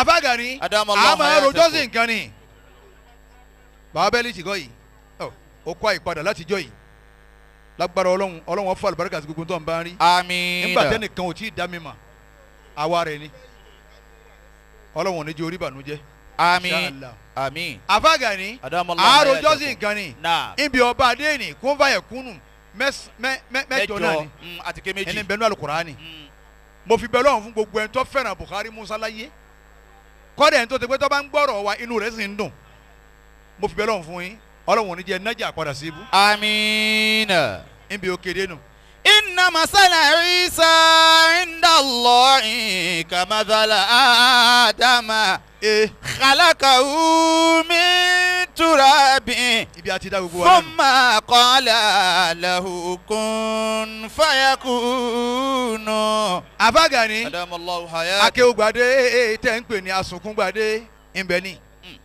abágàní àmọ́ rojọ́ sí nǹkan ni bàbá bẹ́ẹ̀ lè ṣìkọ́ yìí ó kọ́ àyípadà látijọ́ yìí lágbára ọlọ́run ọlọ́run fún àlùbáríkà sí gbogbo tó ń bá ń rí. àmín nígbà tẹ́nìkan ò tí ì dá mi mà àwa rẹ̀ ni ọlọ́run ò ní jẹ́ orí ìbànújẹ́ àmín àmín. àfàgàní àròjọ sí nǹkan ni ibi ọba adéèní kó fàyẹ kúnnù mẹjọ náà ni mm, àti ké méjì ẹni bẹnu alukurani mm. mo fi bẹ lọ́hùn fún gbogbo ẹni tó fẹ́ràn Buhari Musa láyé kọ́dẹ̀ ẹni tó ti pé tó bá ń gbọ́rọ̀ wa inú rẹ̀ sì ń dùn mo fi bẹ lọ́hùn fún yín ọlọ́run ò ní jẹ́ nájà padà sí ibú. àmín. ibi òkèdè nù inna masala isa inda Allahi kamathala adama eh. khalaqahu min turabin thumma qala lahu kun fayakunu. abagani akéwògbadé tẹ́ ń pè ní asunkúngbadé ń bẹ ní hmm.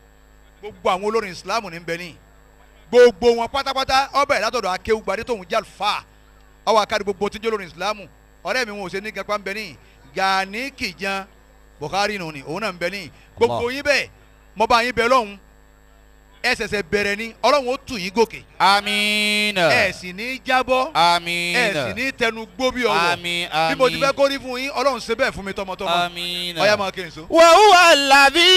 gbogbo àwọn olórin islam ní ń bẹ ní gbogbo wọn pátápátá ọbẹ̀ látọ̀dọ̀ akéwògbadé tóun jẹ́ àlùfáà ọwọ́ akari gbogbo tíjọ́ lórí ìsìlámù ọ̀rẹ́ mi wọn ò ṣe ní gapá ń bẹ ní Gani Kijan Buhari nù ni òun náà ń bẹ ní gbogbo yín bẹ́ẹ̀ mo yín bẹ lọ́hùn ẹ ṣẹ̀ṣẹ̀ ni ọlọ́run ó tù yín gòkè. àmín. ẹ sì ní jábọ́. àmín. ẹ sì ní tẹnu gbó bí ọwọ́. àmín bí mo ti fẹ́ kó fún yín ọlọ́run ṣe bẹ́ẹ̀ fún mi tọmọtọmọ. àmín. ọyá máa kéyìn so. wa huwa alladhi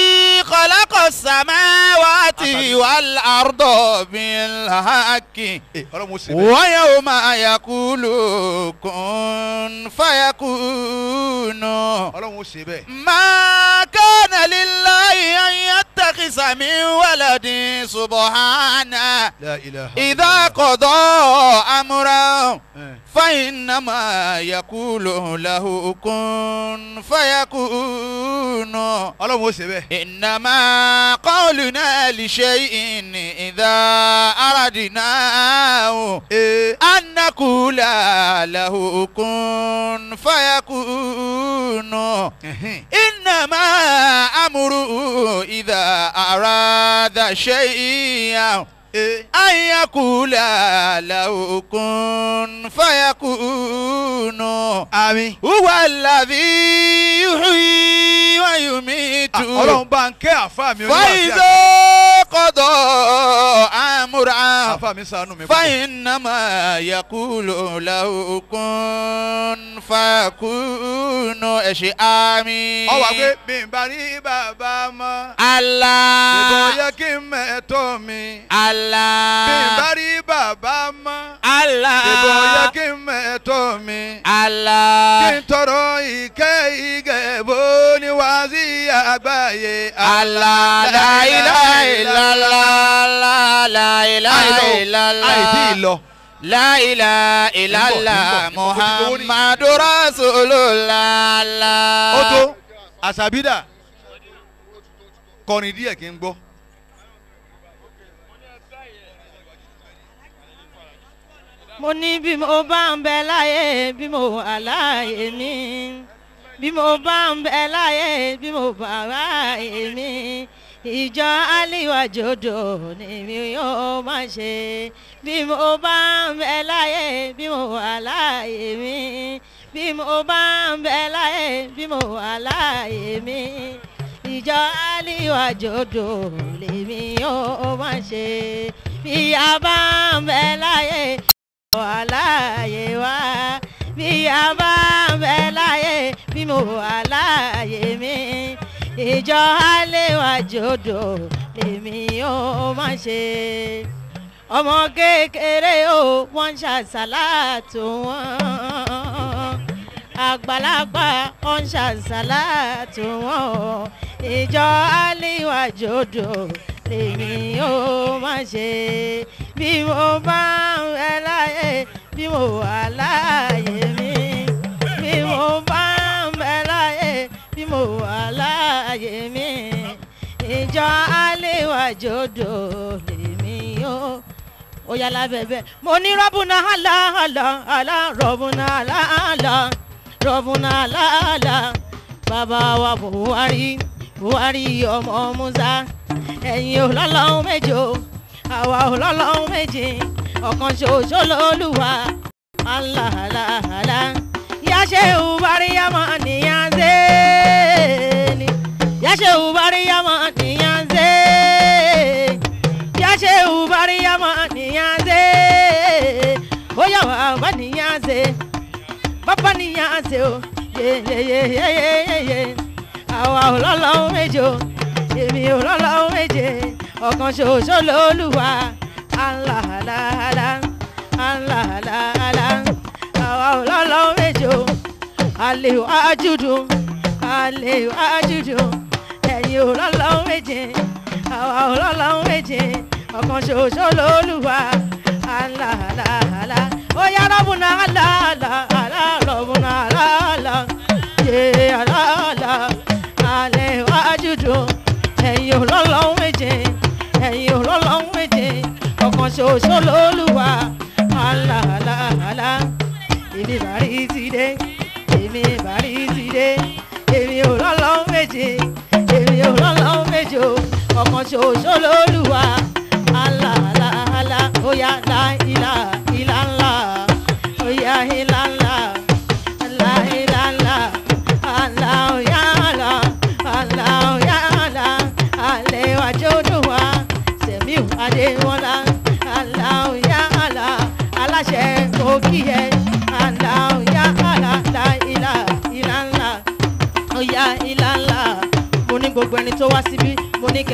khalaqa samawati wal arda bil haqqi. Eh, ọlọ́run ó ṣe bẹ́ẹ̀. wa yawma yaqulu kun fayakunu. ọlọ́run ó ṣe bẹ́ẹ̀. ma kana lillahi an yattakhidha min waladin. سبحانه لا إله إذا قضى أمرا innama yakulu lahu kun fayakunu. ọlọ́run ó ṣe bẹ́ẹ̀. innama qawluna li shay'in idha aradnahu. an nakula lahu kun fayakunu. innama amruhu idha arada shay'an ayakula laukun fayakunu. ami. huwa labi yuhi tu. Ah, ọlọ́run bá ń kẹ́ àfa mi. fàyíṣẹ́ kọ́dọ̀ àmúra fàyínàmà yakulu làwùkún fàkúnù ẹ̀ṣẹ̀ àmì. ọwọ́ àgbẹ̀ mi bá rí bàbá mọ́. àlá. ìbọn yẹ kí n mẹ́tọ́ mi. àlá. mi bá rí bàbá ilàlá láìláà ilàlá àìsí ìlọ. láìlà ìlàlá muhammadu rasulullah. ó tó àṣàbídà kọrin díẹ̀ kí n gbọ́. mo ní bí mo bá ń bẹ láyé bí mo wà láyé mi bí mo bá ń bẹ láyé bí mo bá wà láyé mi ìjọ aléwàjòdò ni mi yóò máa ṣe bí mo bá ń bẹ láyé bí mo wà láyé mi bí mo bá ń bẹ láyé bí mo wà láyé mi ìjọ aléwàjòdò ni mi yóò máa ṣe bí a bá ń bẹ láyé bí mo wà láyé wa bí a bá ń bẹ láyé bí mo wà láyé mi ìjọ aléwájòdò lèmi ó máa ṣe ọmọ kékeré ó wọ́n ṣàṣàlá tó wọ́n àgbàlagbà wọ́n ṣàṣàlá tó wọ́n ìjọ aléwájòdò lèmi ó máa ṣe bí mo bá ń rẹ láyé bí mo wà láàyè mi bí mo bá tí mo wà láàyè mi ìjọ aléwàjòdò lèmi o ó yà lábẹ́bẹ́ mo ní rọ́bùnà àlàálà àlà rọ́bùnà àlàálà rọ́bùnà àlàálà bàbá wa buhari buhari ọmọ musa ẹ̀yin ọlọ́lọ́hún méje o àwa ọlọ́lọ́hún méje ọ̀kan ṣoṣo lọ́lùwà àlàálà àlà yá ṣe ìwúbarí yá máa nìyá Yashehu Bariyama Niyanze. Yashehu Bariyama Niyanze. Oya wa wa Niyanze. Baba Niyanze o. Ye ye ye ye ye ye. Àwa ò lọ́lọ́run méje o. Èmi ò méje. Ọ̀kan ṣoṣo lolúwa. Allah Allah Allah. Allah Allah Allah. Àwa ò lọ́lọ́run méje o. Àlè wá jùdù. Àlè wá jùdù ẹ̀yin ò lọ́lọ́run méje àwa ò lọ́lọ́run méje ọ̀kan ṣoṣo lólùwà. ṣoṣo lólu.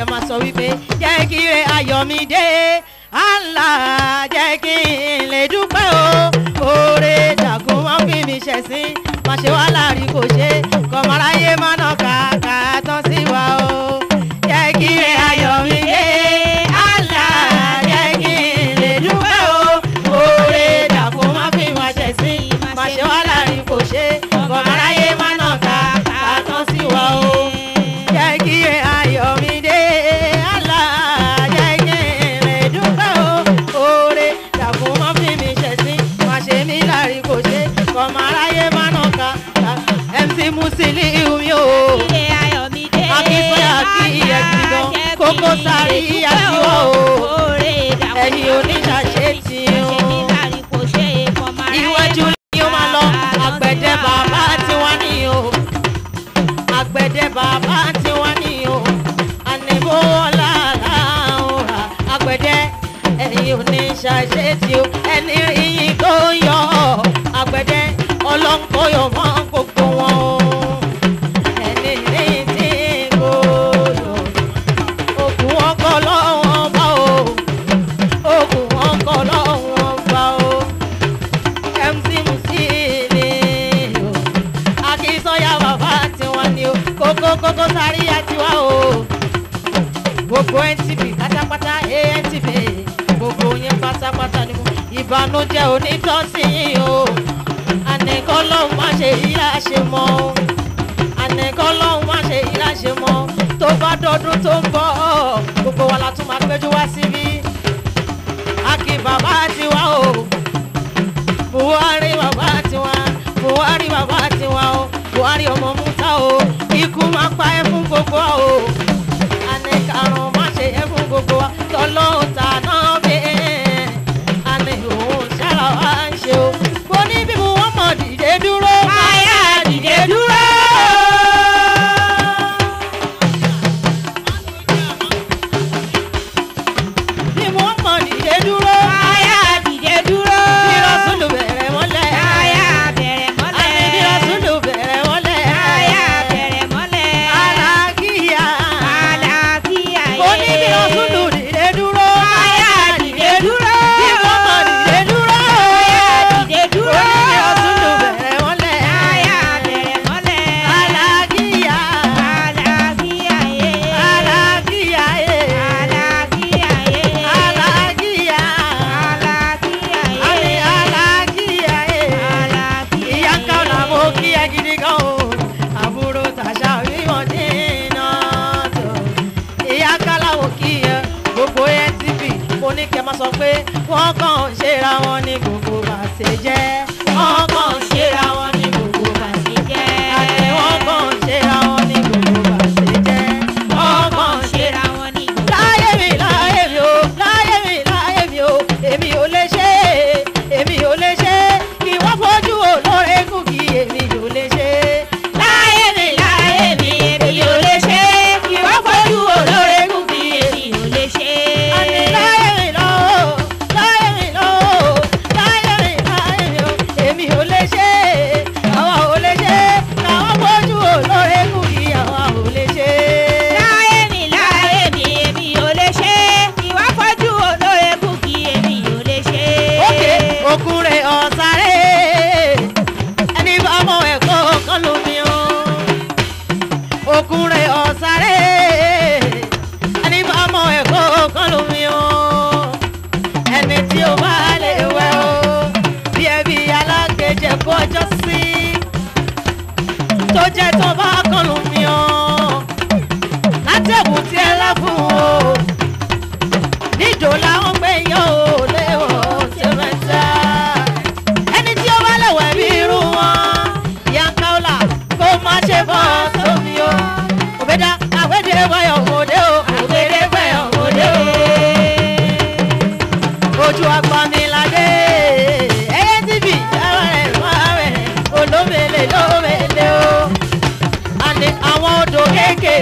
ayọ̀ máa sọ wípé jẹ́ kí ayọ̀ mi dé ọ̀gẹ̀dẹ̀ bàbá tiwa ni o ànìbó ọ̀làlà ọ̀rà àgbẹ̀dẹ ẹ̀yìn oníṣàṣẹ́ tí o ẹni iyì tó yọ àgbẹ̀dẹ ọlọ́nkọ́yọ̀ mọ́. ìbànújẹ́ onítọ́sí o ànìkọ́ lọ́hùn má ṣe yí láṣẹ mọ́ o ànìkọ́ lọ́hùn má ṣe yí láṣẹ mọ́ tó bá dọdún tó ń bọ̀ gbogbo wa la tún máa péjú wá síbí a bàbá tiwa o Buhari bàbá tiwa Buhari bàbá tiwa o Buhari ọmọ Muta o ikú máa pa ẹ́ fún gbogbo o.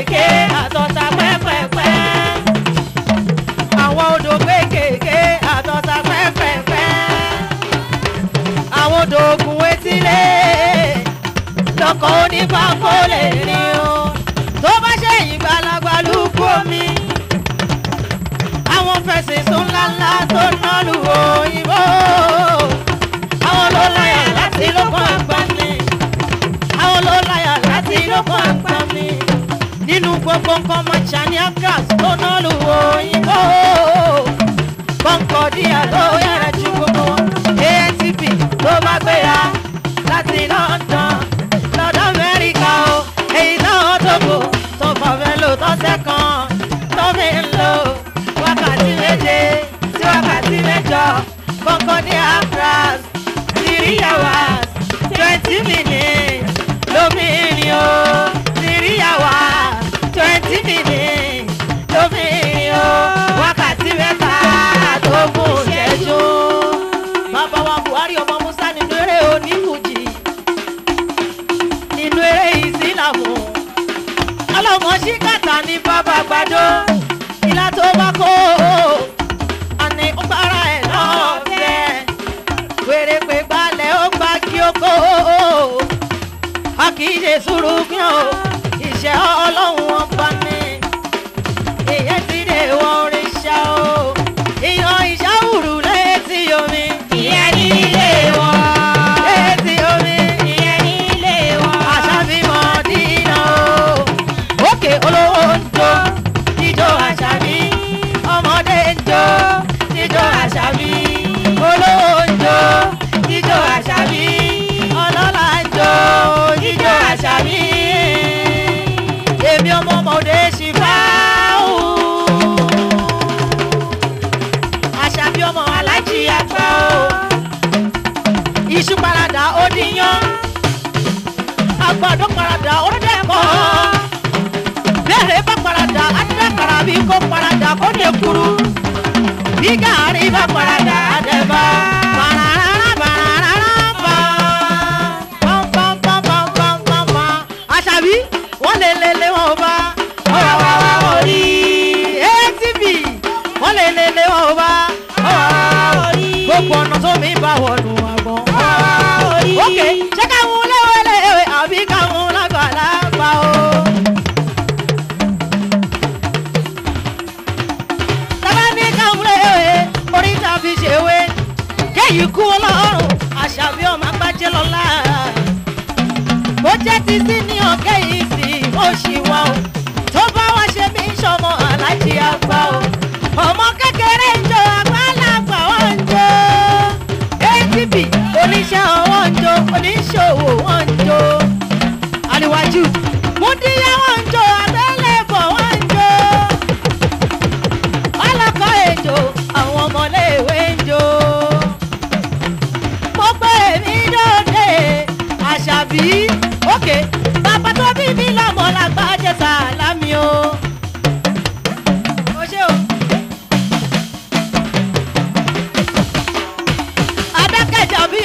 kéékèèké àtọ́ta pẹ́pẹ́pẹ́. àwọn odò kéékèèké àtọ́ta pẹ́pẹ́pẹ́. àwọn odò ògùn etílé lọ́kọ̀ onífàkó lè ní o. tó bá ṣe ìgbàlagbà ló kú omi. àwọn fẹsẹ̀ sún ńláńlá tó ná lu òyìnbó. àwọn ló láyà láti lókun àgbà mi. àwọn ló láyà láti lókun àgbà mi nínú gbogbo nǹkan ọmọ ìṣàní afras tó ná lu òyìnbó bọ́ǹkọ̀ díẹ̀ ló yára ju gbogbo ANTP ló bá gbéra láti London lọ́dọ̀ Amẹ́ríkà o èyí náà dògbò tó fọ̀fẹ́ lò tọ́sẹ̀ kan tó mi ń lò wákàtí méje sí wákàtí mẹ́jọ bọ́ǹkọ̀ díẹ̀ afras three hours twenty minutes. àgbàdo. àgbàdo parada ó dé mọ́. Bẹ́ẹ̀rẹ̀ bá parada, adé karabi kó parada kó lè kuru. Bí gàárì bá parada, adé bá. Àṣàbí wọ́n lè lè lé wọn bá. Ọ̀rọ̀ wa wá orí ATV wọ́n lè lè lé wọn bá. Ọ̀rọ̀ mi bá wọ̀. ti sí ní ọ̀kẹ́ yìí sí ó ṣì wá o tó bá wá ṣe mí ṣọmọ aláàjì àgbà o.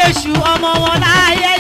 èṣù ọmọ wọn láyé.